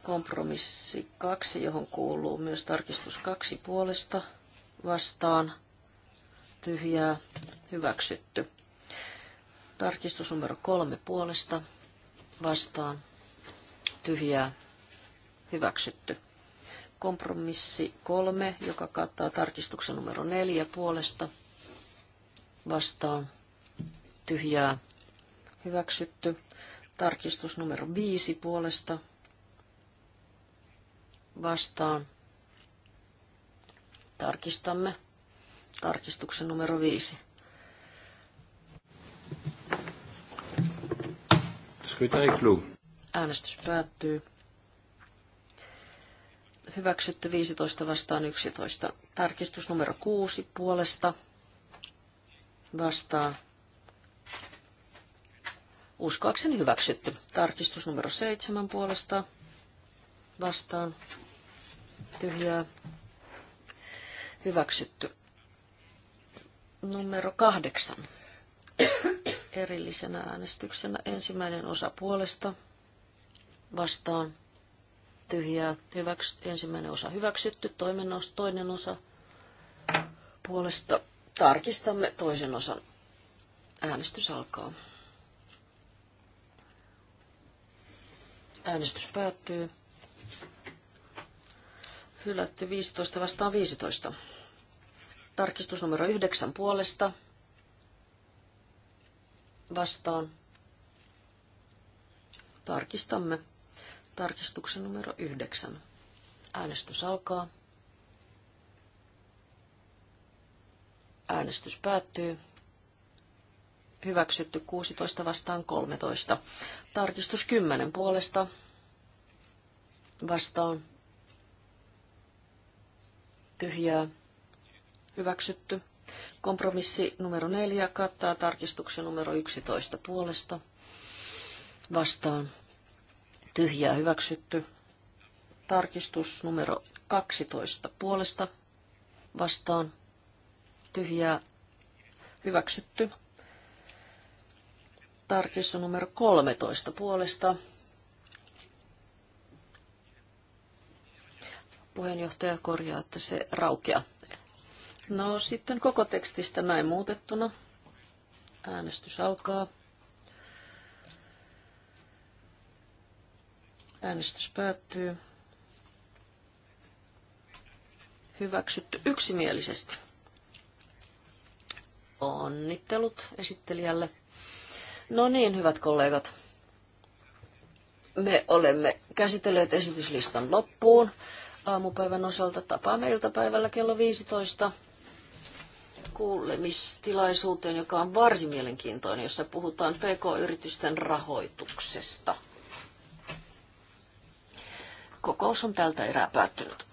kompromissi kaksi, johon kuuluu myös tarkistus kaksi puolesta. Vastaan tyhjää hyväksytty. Tarkistus numero kolme puolesta vastaan tyhjää hyväksytty. Kompromissi kolme, joka kattaa tarkistuksen numero neljä puolesta vastaan tyhjää hyväksytty. Tarkistus numero viisi puolesta vastaan. Tarkistamme tarkistuksen numero viisi. Äänestys päättyy. Hyväksytty 15 vastaan 11. Tarkistus numero 6 puolesta vastaan. Uskoakseni hyväksytty. Tarkistus numero 7 puolesta vastaan. Tyhjää. Hyväksytty numero kahdeksan erillisenä äänestyksenä. Ensimmäinen osa puolesta vastaan tyhjää. Hyväks, ensimmäinen osa hyväksytty, toinen osa, toinen osa puolesta. Tarkistamme toisen osan. Äänestys alkaa. Äänestys päättyy. Hylätty 15 vastaan 15. Tarkistus numero yhdeksän puolesta. Vastaan. Tarkistamme. Tarkistuksen numero yhdeksän. Äänestys alkaa. Äänestys päättyy. Hyväksytty 16 vastaan 13. Tarkistus 10 puolesta vastaan tyhjää hyväksytty. Kompromissi numero 4 kattaa tarkistuksen numero 11 puolesta. Vastaan tyhjää hyväksytty. Tarkistus numero 12 puolesta. Vastaan tyhjää hyväksytty. Tarkistus numero 13 puolesta. Puheenjohtaja korjaa, että se raukeaa. No sitten koko tekstistä näin muutettuna. Äänestys alkaa. Äänestys päättyy. Hyväksytty yksimielisesti. Onnittelut esittelijälle. No niin, hyvät kollegat. Me olemme käsitelleet esityslistan loppuun. Aamupäivän osalta tapaamme iltapäivällä kello 15 kuulemistilaisuuteen, joka on varsin mielenkiintoinen, jossa puhutaan PK-yritysten rahoituksesta. Kokous on tältä erää päättynyt.